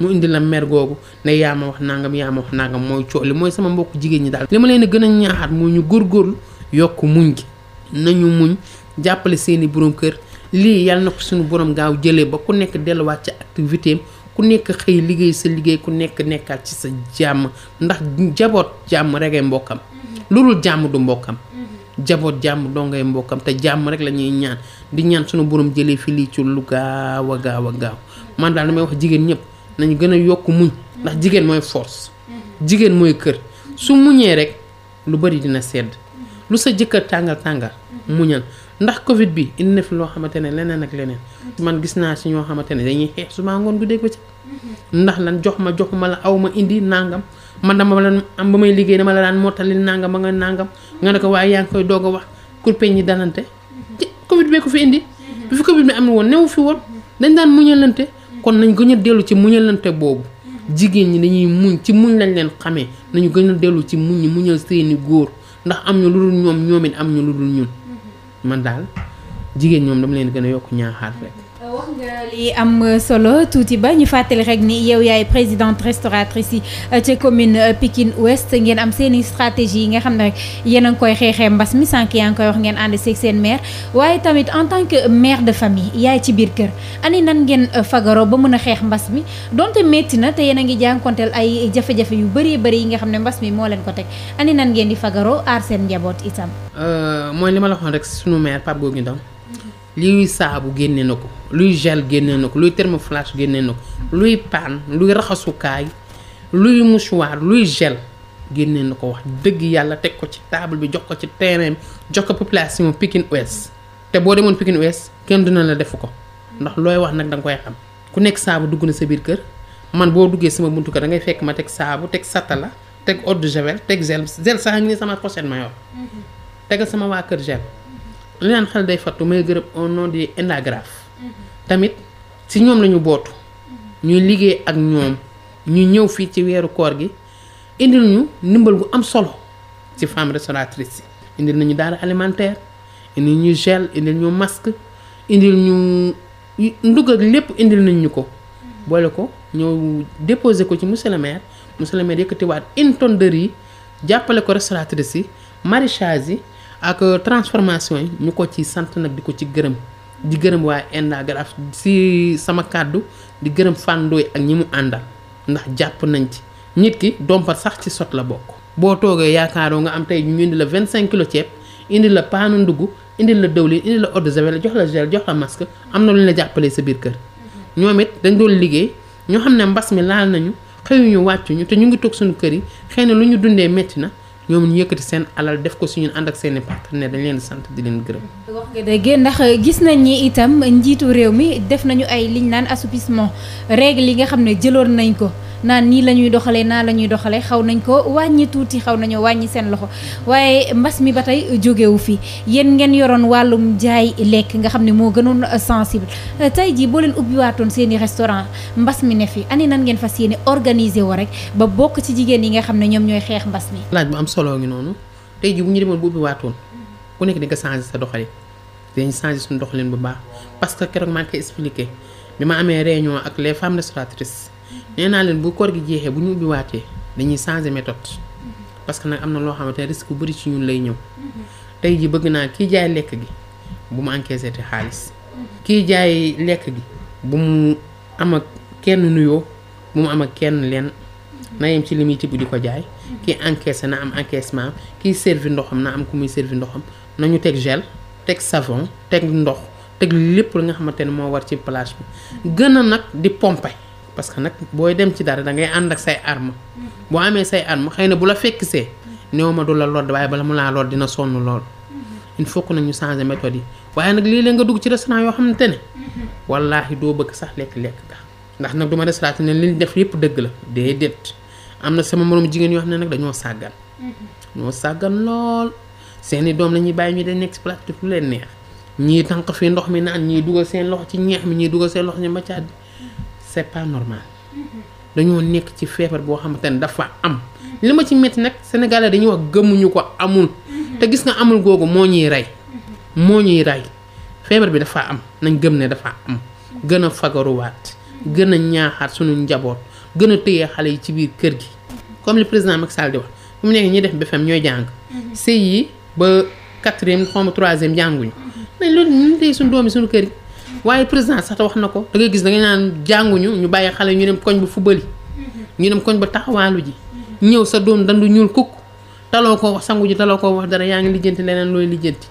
mu indi la mer googu ne yaa ma wax nangam yaa ma wax nangam mooy coow li mooy sama mbokk jigéen ñi daal. li ma leen gën a ñaaxaat moo ñu góor góorgóorlu yokk muñ gi nañu muñ jàppale seeni borom kër. lii yàlla na ko suñu borom gaaw jëlee ba ku nekk delluwaat ca activité ku nekk xëy liggéey sa liggéey ku nekk nekkaat ci sa jàmm ndax jaboot jàmm rek ay mbokkam mm-hmm. lu dul jàmm du mbokkam mm-hmm. jaboot jàmm doo ngay mbokkam te jàmm rek lañuy ñaan di ñaan suñu borom jëlee fi lii ci lu gaaw a gaaw a gaaw mm-hmm. man daal damay wax jigéen ñëpp nañu gën a yokk muñ ndax jigéen mooy force jigéen mooy kër su muñee rek lu bari dina sedd lu sa jëkkër tàngal tàngal muñal ndax Covid bi indi na fi loo xamante ne leneen ak leneen man gis naa si ñoo xamante ne dañuy xeex su maa ngoon gu dégg ba ci ndax lan jox ma jox la aw ma indi nangam man dama lan am ba may liggéey dama la daan mottali nangam ba nga nangam nga ne ko waaye yaa ngi koy doog a wax kurpeñ ñi dalante ci Covid bee ko fi indi. bi fi Covid bi am woon new fi woon dañ daan muñalante kon nañ gën a dellu ci muñalante boobu. jigéen ñi dañuy muñ ci muñ lañ leen xamee nañu gën a dellu ci muñ muñal seeni góor ndax am ñu lu dul ñoom ñoom it am ñu lu dul ñun. man daal jigéen ñoom dama leen gën a yokk ñaaxaat rek wax nga li am solo tuuti ba ñu fàttali rek ni yow yaay présidente restauratrice yi euh, ca commune euh, Pikine Ouest ngeen am seen i stratégie yi nga xam ne rek yéen a ngi koy xeexee mbas mi sànq yaa ngi koy wax ngeen ànd seeg seen maire waaye tamit en tant que mère de famille yaay ci biir kër ani nan ngeen euh, fagaro ba mën a xeex mbas mi donte métti na te yéen a ngi jànkonteel ay jafe-jafe yu bëree bëri yi nga xam ne mbas mi moo leen ko teg ani nan ngeen di fagaroo aar seen njaboot itam. mooy li ma la waxoon rek sunu maire Pape Gorgui luy saabu génnee na ko luy gel génne na ko luy thermoflash génnee na ko luy paan luy raxasukaay luy mouchoir luy gel génne na ko wax dëgg yàlla teg ko ci table bi jox ko ci terrain bi jox ko population Pikine Ouest te boo demoon Pikine Ouest kenn dina la defu ko ndax looy wax nag danga koy xam ku nekk saabu dugg na sa biir kër man boo duggee sama buntu ko da ngay fekk ma teg saabu teg satala teg eau de javel teg gel gel sax ngi ne sama pochette ma yor mhm. tegal sama waa kër gel lu naan xel day fattu may gërëm au no de énargraphes tamit ci ñoom lañu bootu ñuy liggéey ak ñoom ñu ñëw fii ci weeru koor gi indil ñu ndimbal gu am solo ci femme restauratrice yi indil nañu daara alimentaire indil ñu gel indil ñu masque indi ñu ndugal ak lépp indil nañ ñu ko boole ko ñëw déposé ko ci monsieur le maire monsieur le maire yëkkatiwaat une jàppale ko restauratrice yi maraîchage yi ak transformation yi ñu ko ci sant nag bi ko ci gërëm di gërëm waa Enda Graphe si sama kàddu di gërëm fàndooy ak ñi mu àndal ndax jàpp nañ ci nit ki dompat sax ci sot la bokk boo toogee yaakaaroo nga am tey ñu indi la vingt cinq kilo ceeb indi la paanu ndugg indi la dëwlin indi la eau de javel jox la gel jox la masque am na lu ñu la jàppalee sa biir kër ñoom it dañ doon liggéey ñoo xam ne mbas mi laal nañu xëyuñu wàccuñu te ñu ngi toog suñu kër yi xëy na lu ñu dundee métti na ñoom ñu yëkkati seen alal def ko si ñun ànd ak seeni i partenaires dañ leen sant di leen gërëm. wax nga dëgg ndax gis nañ ni itam njiitu réew mi def nañu ay liñ laan assouplissement règle yi nga xam ne jëloon nañ ko. naan nii la ñuy doxalee naa la ñuy doxalee xaw nañ ko wàññi tuuti xaw nañoo wàññi seen loxo waaye mbas mi ba tey jógewu fi yéen ngeen yoroon wàllum jaay lekk nga xam ne moo gënoon sensible tey jii boo leen ubbiwaatoon seen i restaurant mbas mi ne fi ani nan ngeen fas yéene organiser wo rek ba bokk ci jigéen yi nga xam ne ñoom ñooy xeex mbas mi. laaj bu am solo ngi noonu tey jii bu ñu demoon bu ubbiwaatoon ku nekk di nga changé sa doxalin dañu changé suñu doxalin bu baax parce que keroog maa ngi ma amee réunion ak les femmes restauratrices nee naa leen bu koor gi jeexee bu ñu ubbi waatee dañuy changer méthode parce que nag am na loo xamante ne risque bu bëri ci ñun lay ñëw tey ji bëgg naa kii jaay lekk gi bu mu encaissé te xaalis kii jaay lekk gi bu mu am ak kenn nuyoo bu mu am ak kenn leen na ci li muy tibb di ko jaay kii encaissé na am encaissement kii servi ndoxam na am ku muy servi ndoxam nañu teg gel teg savon teg ndox teg lépp li nga xamante ne moo war ci plage bi gën a nag di pomper parce que nag booy dem ci dara dangay ànd ak say arme boo amee say arme xëy na bu la fekk see néew ma du la lodd waaye bala mu laa lodd dina sonn lool il faut que ñu changer méthode yi waaye nag lii nga dugg ci restaurant yoo xamante ne wallaahi doo bëgg sax lekk-lekk ndax nag du ma restaurant ne liñ def yëpp dëgg la déedéet am na sama moroom jigéen yoo xam ne nag dañoo sàggan ñoo sàggan lool seeni doom la ñuy bàyyi ñu de nekk ci plate fu leen neex ñii tanq fii ndox mi naan ñii dugal seen loxo ci ñeex mi ñii dugal seen loxo ci maccaat c'est pas normal dañoo nekk ci feebar boo xamante ne dafa am li ma ci métti nag sénégalais dañuy wax gëmuñu ko amul te gis nga amul googu moo ñuy rey moo ñuy rey feebar bi dafa am nañ gëm ne dafa am gën a fagaruwaat gën a ñaaxaat suñu njaboot gën a téye xale yi ci biir kër gi comme le président Macky Sall di wax fu ñuy def BFEM ñooy jàng sëy yi ba quatrième xaw ma troisième jànguñu nañ loolu ñu tey suñu doom suñu kër waaye président sax te wax na ko da gis da ngay naan jànguñu ñu bàyyi xale ñu dem koñ ba fubali ñu dem koñ ba taxawaalu ji ñëw sa doom dandu ñuul kukk taloo ko wax sangu ji taloo koo wax dara yaa ngi lijjanti leneen looy lijjanti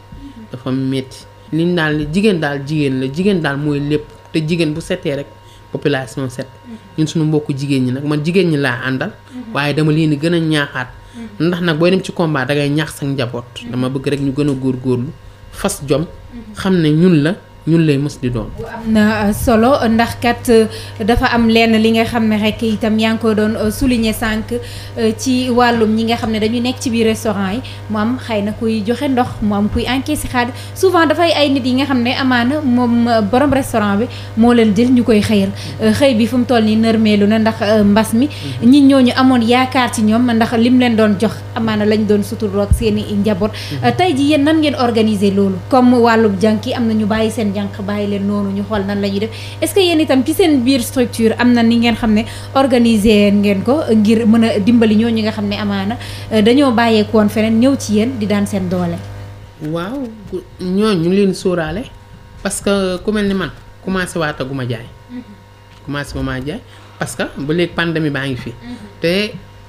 dafa metti liñ daal ni jigéen daal jigéen la jigéen daal mooy lépp te jigéen bu setee rek population set ñun suñu mbokku jigéen ñi nag man jigéen ñi laa àndal waaye dama leen di gën a ñaaxaat ndax nag booy dem ci combat dangay ñaax sa njaboot dama bëgg rek ñu gën a góorgóorlu fas jom xam ne ñun la ñun lay mës di doon. am na euh, solo ndax kat euh, dafa am lenn li nga xam ne rek itam yaa ngi ko doon euh, souligner sànq ci wàllum ñi nga xam ne dañu nekk ci biir restaurant yi mu am xëy na kuy joxe ndox mu am kuy encaissé xaalis souvent dafay ay nit yi nga xam ne amaana moom borom restaurant bi moo leen jël ñu koy xëyal xëy bi fu mu toll nii nërmeelu na ndax mbas mi. ñit mm-hmm. ñooñu amoon yaakaar ci ñoom ndax lim leen doon jox amaana lañ doon sutur ak seen i njaboot. Mm-hmm. tey ji yéen nan ngeen organiser loolu comme seen jànq bàyyi leen noonu ñu xool nan la ñuy def est-ce que yéen itam ci seen biir structure am na ni ngeen xam ne organiser ngeen ko ngir mën a dimbali ñoo ñi nga xam ne amaana euh, dañoo bàyyeeku woon feneen ñëw ci yéen di daan seen doole. waaw ñooñu ñu ngi leen sóoraale parce que ku mel ni man commencé waataguma jaay. Mm-hmm. commencé ma maa jaay parce que ba léegi pandémie baa ngi fi. Mm-hmm. te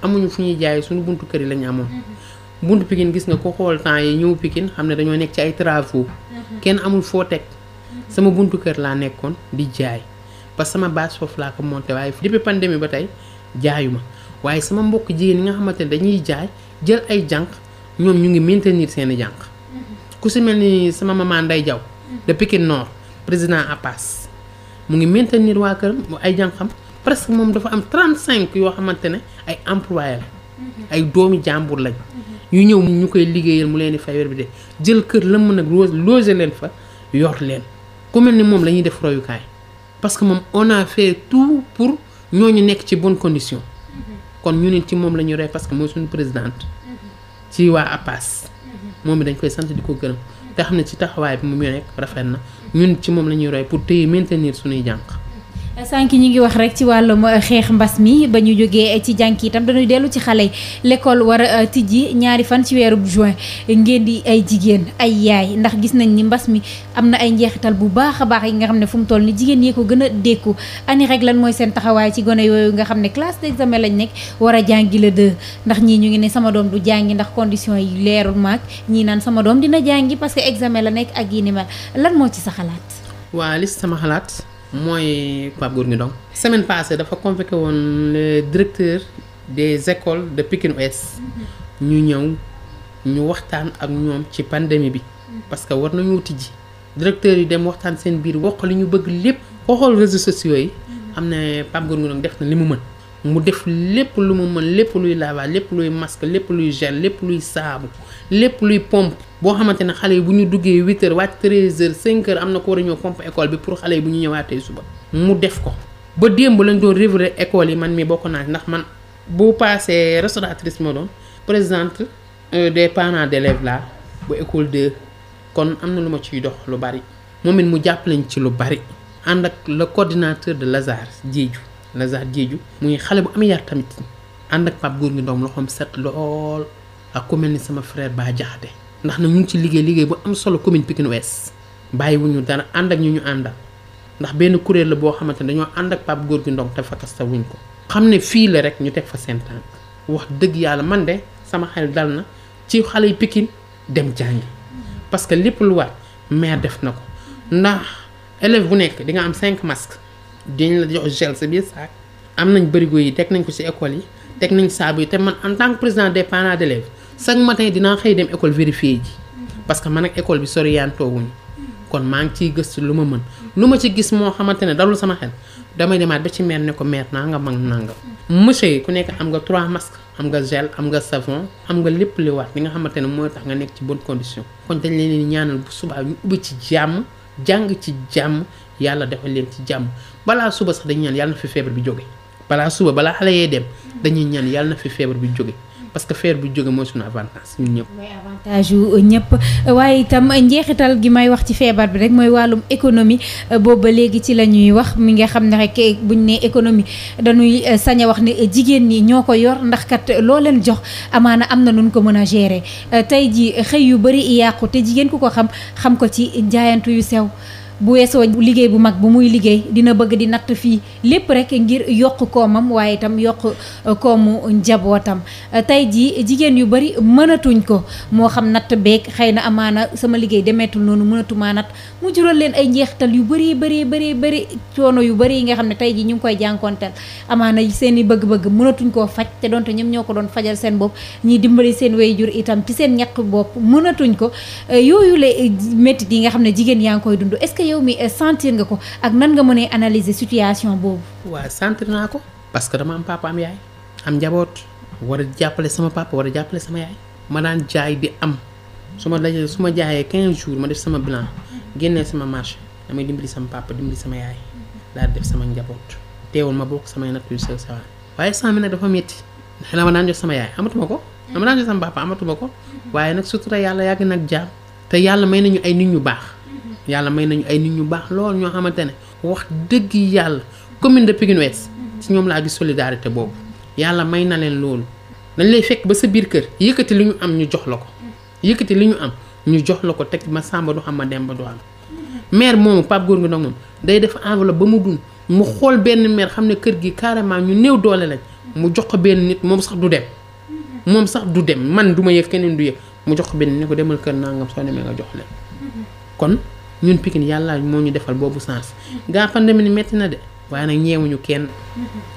amuñu fu ñuy jaay suñu buntu kër yi lañu amoon. Mm-hmm. buntu Pikine gis nga ko xool temps yi ñëw Pikine xam ne nekk ci sama buntu kër laa nekkoon di jaay parce que sama baas foofu laa ko monté waaye depuis pandémie ba tey jaayuma waaye sama mbokk jigéen ñi nga xamante ne dañuy jaay jël ay jànq ñoom ñu ngi maintenir seen i jànq mhm. ku si mel ni sama maman Ndeye Diaw mhm. de Pikine Nord président APAS mu ngi maintenir waa këram ay jànqam presque moom dafa am cinq yoo xamante ne ay employé la mhm. ay doomi jàmbur lañ yu ñëw ñu koy liggéeyal mu leen di fay bi de jël kër lëmm nag loger leen fa yor leen ku mel ni moom la ñuy def royukaay parce que moom on a fait tout pour ñoo ñu nekk ci bonne condition kon ñu nit ci moom la ñuy roy parce que mooy suñu présidente ci waa APAS moom bi dañ koy sant di ko gërëm te xam ne ci taxawaay bi mu nekk rafet na ñun ci moom la ñuy roy pour téye maintenir suñuy jànq sànq ñu ngi wax rek ci wàllum euh, xeex mbas mi ba ñu jógee euh, ci jànk itam dañuy dellu ci xale yi lekkool war a euh, tijji ñaari fan ci weeru juin ngeen di ay jigéen ay yaay ndax gis nañ ni mbas mi am na ay njeexital bu baax a baax yi nga xam ne fu mu toll ni jigéen yee ko gën a dékku ani rek lan mooy seen taxawaay ci gone yooyu nga xam ne classe d'examen lañ nekk war a jàngi le deux ndax ñii ñu ngi ne sama doom du jàngi ndax condition yi leerul maag ñii naan sama doom dina jàngi parce que examen la nekk ak yi lan moo ci sa waa li sama xalaat mooy Pape Gorgui Ndong semaine passée dafa convoqué woon le directeur des écoles de Pikine Ouest ñu ñëw ñu waxtaan ak ñoom ci pandémie bi parce que war nañoo tijji directeur yi dem waxtaan seen biir wax li ñu bëgg lépp koo xool réseaux sociaux yi am na Pape Gorgui Ndong def na li mu mën mu def lépp lu mu mën lépp luy lavage lépp luy masque lépp luy gel lépp luy saabu lépp luy pompe boo xamante ne xale yi bu ñu duggee huit heures wàcc treize heures cinq heures am na ko war a ñëw pompe bi pour xale yi bu ñu ñëwaatee suba mu def ko ba démb lañ doon révéler école yi man mi bokk naa ndax man bu paasee restauratrice moo doon présidente euh, des parents d'élèves la bu école de kon am na lu ma ciy dox lu bari moom it mu jàppaleñ ci lu bari ànd ak la coordinateur de Lazare Diédhiou Lazare Diédhiou muy xale bu am yar tamit ànd ak Pape Gorgui Ndong loxoom set lool ak ku mel ni sama frère Ba Jaxate ndax nag ñu ngi ci liggéey liggéey bu am solo commune Pikine bàyyiwuñu dara ànd ak ñu ñu àndal ndax benn kuréel la boo xamante ne dañoo ànd ak góor Gorgui Ndong te fakasta wuñ ko xam ne fii la rek ñu teg fa seen tànk wax dëgg yàlla man de sama xel dal na ci xale yu Pikine dem jàngi parce que lépp lu waat maire def na ko ndax élève bu nekk di nga am cinq masques dañ la jox gel sa biir saak am nañ bërigo yi teg nañ ko ci école yi teg nañ saabu yi te man en tant que président des parents d'élèves chaque matin dinaa xëy dem école vérifier ji parce que man ak école bi soriyaantoo wuñu kon maa ngi ciy gëstu lu ma mën lu ma ci gis moo xamante ne dalul sama xel damay demaat ba ci meer ne ko meer naa nga mag nanga monsieur yi ku nekk am nga trois masques am nga gel am nga savon am nga lépp li war li nga xamante ne mooy tax nga nekk ci bon condition kon dañ leen di ñaanal bu subaa ñu ubbi ci jàmm jàng ci jàmm yàlla defal leen ci jàmm balaa suba sax dañu ñaan yàlla fi feebar bi jóge balaa suba balaa xale dem dañuy ñaan yàlla na fi feebar bi jóge parce que feer bu jóge mooy suñu avantage ñun ñëpp. mooy avantage yu euh, ñëpp waaye itam euh, njeexital gi may wax ci feebar bi rek mooy wàllum économie euh, boobu ba léegi ci la ñuy wax mi nga xam ne rek buñ ne économie dañuy sañ a wax ne jigéen ñi ñoo ko yor ndax kat loo leen jox amaana am na nun ko mën a gérer tey ji xëy yu bëri yàqu te jigéen ku ko xam xam ko ci jaayantu yu sew. bu weesoo liggéey bu mag bu muy liggéey dina bëgg di natt fii lépp rek ngir yokk koomam waaye itam yokk euh, koomu njabootam euh, tey jii jigéen yu bari mënatuñ ko moo xam natt beeg xëy na amaana sama liggéey demeetul noonu mënatumaa natt mu jural leen ay njeextal yu bari bari bari bari coono yu bari yi nga xam ne tey jii ñu ngi koy jànkonteel amaana seen i bëgg-bëgg mënatuñ koo faj te donte ñoom ñoo ko doon fajal seen bopp ñiy dimbali seen waajur itam ci seen ñàkk bopp mënatuñ ko euh, yooyu la métti yi nga xam ne jigéen yaa ngi koy dund est yow mi sentir nga ko ak nan nga mënee analyser situation boobu. waaw sentir naa ko parce que dama am papa am yaay am njaboot war a jàppale sama papa a jàppale sama ma daan jaay di am su ma dajee su ma jaayee 15 jours ma sama bilan génnee sama marché damay dimbali sama papa dimbali sama yaay daal sama njaboot teewul ma bokk samay natt waaye saa mi sama yaay amatuma ko. dama daan jox sama papa amatuma ko waaye nag yàlla yàgg nag jaam te yàlla may nañu ay nit ñu baax. yàlla may nañu ay nit ñu baax lool ñoo xamante ne wax dëgg yàlla commune de Pikine Ouest ci ñoom laa gis solidarité boobu yàlla may na leen loolu dañ lay fekk ba sa biir kër yëkkati li ñu am ñu jox la ko yëkkati li ñu am ñu jox la ko teg ma sàmba du xam ma dem ba du am maire moomu Pape Gorgui day def enveloppe ba mu dund mu xool benn maire xam ne kër gi carrément ñu néew doole lañ mu jox ko benn nit moom sax du dem moom sax du dem man du ma yëg keneen du yëg mu jox ko benn nit ko demal kër nangam soo demee nga jox leen ñun Pikine yàlla moo ñu defal boobu sens gaa pandémie ni metti na de waaye nag ñu kenn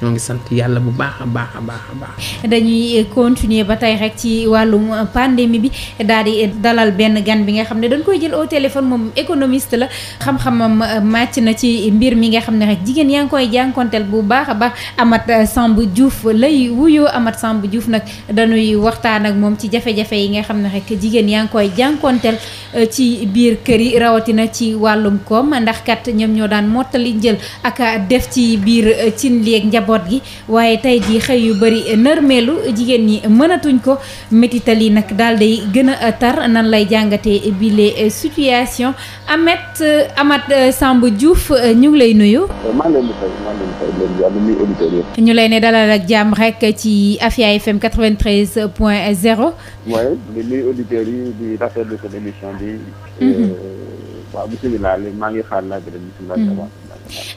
ñoo ngi sant yàlla bu baax a baax a baax a baax. dañuy continuer ba tey rek ci wàllum pandémie bi daal di dalal benn gan bi nga xam ne dañ koy jël au téléphone moom économiste la xam-xamam euh, màcc na ci mbir mi nga xam ne rek jigéen yaa ngi koy jànkonteel bu baax a baax Amath euh, Samb Diouf lay wuyoo Amath Samb Diouf nag dañuy waxtaan ak moom ci jafe-jafe yi nga xam ne rek jigéen yaa ngi koy jànkonteel euh, ci biir kër yi rawatina ci wàllum koom ndax kat ñoom ñoo daan mottali jël ak def ci biir cin dundeek njaboot gi waaye tey jii xëy yu bëri nërmeelu jigéen ñi mënatuñ ko métital yi nag daal day gën a tar nan lay jàngatee bile situation Amet Amath Samb Diouf ñu ngi lay nuyu. Euh, leen di fay maa ngi leen ne dalal ak jàmm rek ci Afia FM 93 point 0. waaye di nuyu auditeurs yi di rafetlu mm-hmm. euh, maa ngi xaar laaj bi rek bisimilah.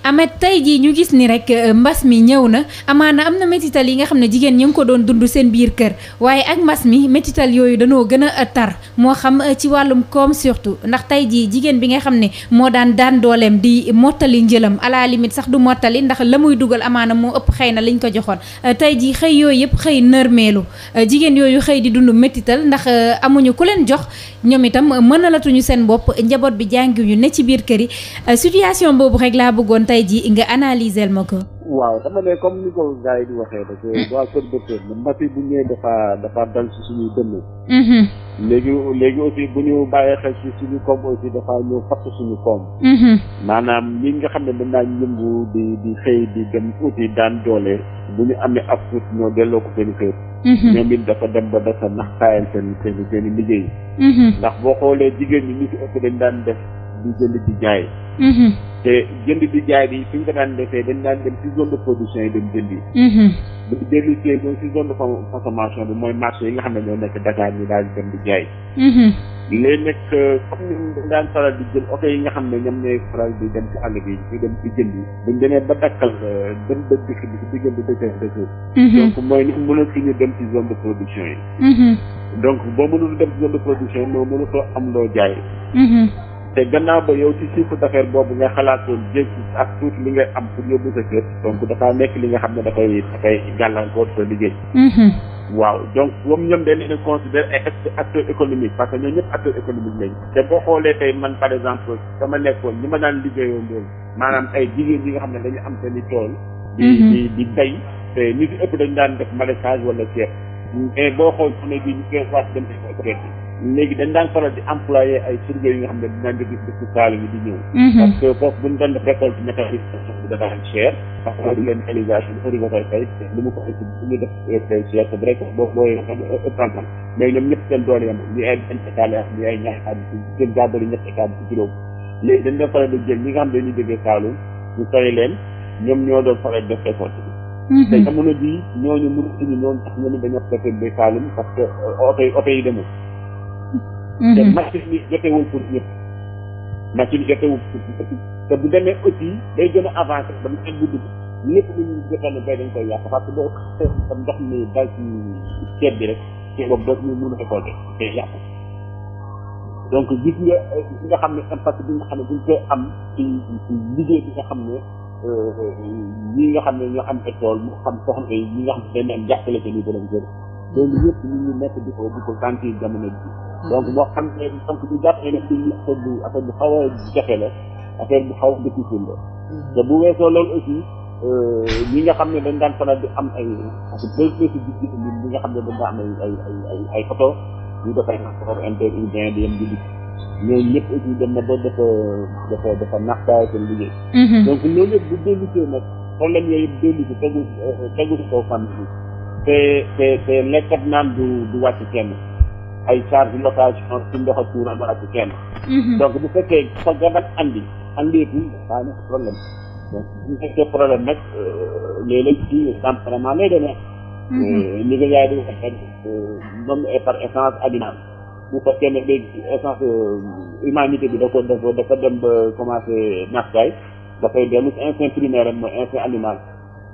Amath tey jii ñu gis ni rek euh, mbas mi ñëw na amaana am na métital yi nga xam ne jigéen ñi ngi ko doon dund seen biir kër waaye ak mbas mi métital yooyu danoo gën a euh, tar moo xam euh, ci wàllum koom surtout ndax tey jii jigéen bi nga xam ne moo daan daan dooleem di mottali njëlam à la sax du mottali ndax la muy dugal amaana moo ëpp xëy na liñ ko joxoon tey jii xëy yooyu yëpp xëy nërmeelu jigéen yooyu xëy di dund métital ndax amuñu ku leen jox ñoom itam mënalatuñu seen bopp njaboot bi jàngiwuñu ne ci biir kër yi situation boobu rek bëggoon tey jii nga analyser ma ko. waaw dama ne comme ni ko gars yi di waxee parce hmm. que bu ñëwee dafa dal ci suñuy dënn. Hmm. léegi léegi aussi bu ñu bàyyee xel ci suñu koom aussi dafa ñëw fatt suñu koom. Hmm. maanaam ñi nga xam ne dañ daan yëngu di di xëy di dem uti daan doole bu ñu amee ab tuut ñoo delloo ko seen kër. ñoom it dafa dem ba dafa nax taayal seen seen seen liggéey. ndax boo xoolee jigéen ñi ñu ci ëpp dañ daan def. di jënd di jaay. Mm-hmm. te jënd di jaay ko daan defee dañ daan dem ci zone de production yi dem jëndi. Mm-hmm. bu ñu dellu see mooy ci zone de consommation bi yi nga ne ñoo nekk Dakar ñu di dem di jaay. Mm-hmm. léegi nag euh, comme ñun dañ daan yi nga xam ne ñoom bi di dem ci jëndi buñ demee ba dakkal euh, dem ba dëkk bi di jënd dëkk dëkk. donc mooy ni dem ci zone de production yi. donc boo mënul dem ci zone de production yi moo mënatoo am loo jaay. te gannaaw ba yow ci chiffre d'affaires boobu nga xalaatoon jéeg ak tuuti li nga am pour yóbbu sa kër donc dafaa nekk li nga xam ne da koy gàllankoor sa liggéey mm-hmm. waaw donc moom ñoom de ne a considéré ay acteur économique parce que ñoo ñëpp acteur économique lañu te boo xoolee tey man par exemple sama nekkoon ñi ma daan liggéeyoon loolu maanaam ay jigéen yi nga xam ne dañu am seen i tool di mm-hmm. di di bay te ñu ëpp dañu daan def maraîchage wala ceeb mais boo xool su ne bii ñu léegi dañ daan faral di employé ay surga yi nga xam ne dinañ jóg dëkk Saalum yi di ñëw. Mhm. parce que foofu bu ñu doon def récolte métallique bi da daan cher. parce que du leen réalisation bi xëy na koy fay li mu ko fay bu ñu def day cher te rek boo booy xam ëpp mais ñoom ñëpp seen doole yam ñu ay benn hectare la ñu ay ñaari xaaj ci gën gaa bëri ñetti hectare ci juróom léegi dañ doon faral di jël ñi nga xam ne dañuy jógee Saalum ñu sori leen ñoom ñoo doon faral def récolte bi mhm. te jamono jii ñooñu mënuñu ñoom tax ñooñu dañoo préféré bay Saalum parce que euh, oto yi oto yi demul Mm-hmm. te machine bi jotewul pour ñëpp machine jotewul pour te bu demee aussi day gën a avancé ba mu am bu dugg lépp lu dañ koy yàq parce que boo ndox mi dal ci rek ceeb boobu dootuñu mën a récolté day yàq nga li nga xam ne impact bi nga xam ne duñ koy am ci ci bi nga xam ne euh, ñi nga xam ne ñoo am tool mu xam soxna yi nga xam ne dañ am jàppale que ni danañ jël loolu yëpp ñu ngi nekk di ko di ko sentir jamono bi Mm-hmm. donc boo xam ne donc bu jàppee ne fii affaire bu bu xaw a jafe la affaire bu xaw a difficile la. Mm-hmm. te bu weesoo loolu aussi euh, ñi nga xam ne dañ daan faral di am ay parce que béykat yi ñi nga xam ne dañ daan am ay ay ay ay photo ñu def ay rapport inter urbain di yem di dikk aussi dem na ba dafa dafa dafa naxtaay seen liggéey. Mm-hmm. donc loolu yëpp bu dellusee nag problème yooyu yëpp dellu si tegu euh, tegu si kaw fan te te te lekkat naan du du wàcc kenn. ay charge location ci ndoxatuura wala ci kenn mhm. donc bu fekkee sa gabat andi andeetul daa nekk problème donc bu fekkee problème nag euh, léeg-léeg ci tempérament lay li mhm. euh, nga yaay euh, bi da ko dafa dafa dem ba commencé naxkaay dafay dellu si instinct primaire am mooy instinct animal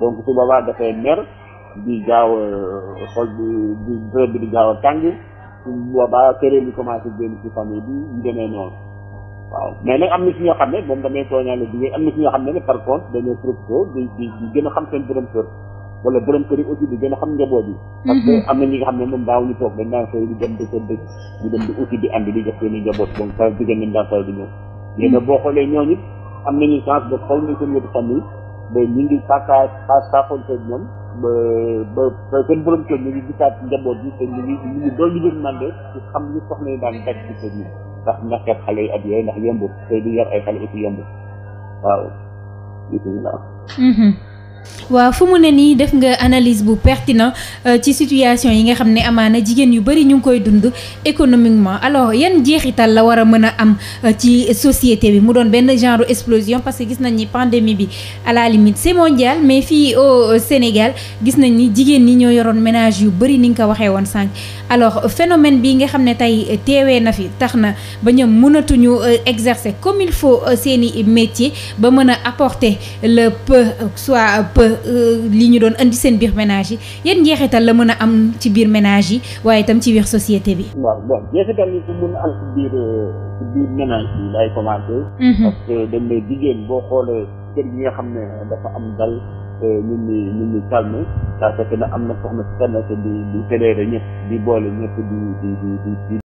donc su boobaa dafay mer di gaaw a xol bi di bërëb bi gaaw a su boobaa këréel yi commencé génn ci famille bi ñu demee noonu waaw mais nag am na si ñoo xam ne moom damay tooñaale di am na si ñoo xam ne ne par contre dañoo profité di di gën a xam seen borom kër wala borom kër gën xam njaboot yi mm-hmm. parce que am na ñi nga xam ne moom daaw ñu toog dañ daan sooy di dem di ko di dem di di jox seen i njaboot donc sa jigéen nañ daan sooy di ñëw léegi mm-hmm. nag boo xoolee ñooñu am nañu chance de xool nañ seen wetu famille ba ñu ngi saakaa saa saafoon seen ñoom ba ba ba seen borom kër ñu ngi gisaat njaboot bi te ñu ngi ñu ngi doon yërmande ci xam li soxna yi daan daj ci seen yi ndax ñàkkat xale yi ak yooyu ndax yombul te di yar ay xale aussi yombul waaw bisimilah mhm. waaw fu mu ne nii def nga analyse bu pertinent euh, ci situation yi nga xam ne amaana jigéen yu bëri ñu ngi koy dund économiquement alors yan jeexital la war a mën a am euh, ci société bi mu doon benn genre explosion parce que gis nañ ni pandémie bi à la limite c'est mondial mais fii au Sénégal gis nañ ni jigéen ñi ñoo yoroon ménage yu bëri ni nga ko waxee woon sànq alors phénomène bii nga xam ne tey teewee na fi tax na ba ñoom mënatuñu euh, exercer comme il faut euh, seeni métier ba mën a apporter le peu euh, soit peu li ñu doon indi seen biir ménage yi yan njeexital la mën a am ci biir ménage yi waaye itam ci biir société bi. waaw bon njeexital yi ku mën a am ci biir biir ménage yi lay commencé. Mhm. parce que dañ jigéen boo xoolee kër yi nga xam ne dafa am dal. nu ñi nu ñi calme parce que nag am na soxna si kenn di di fédéré ñëpp di boole ñëpp di di di di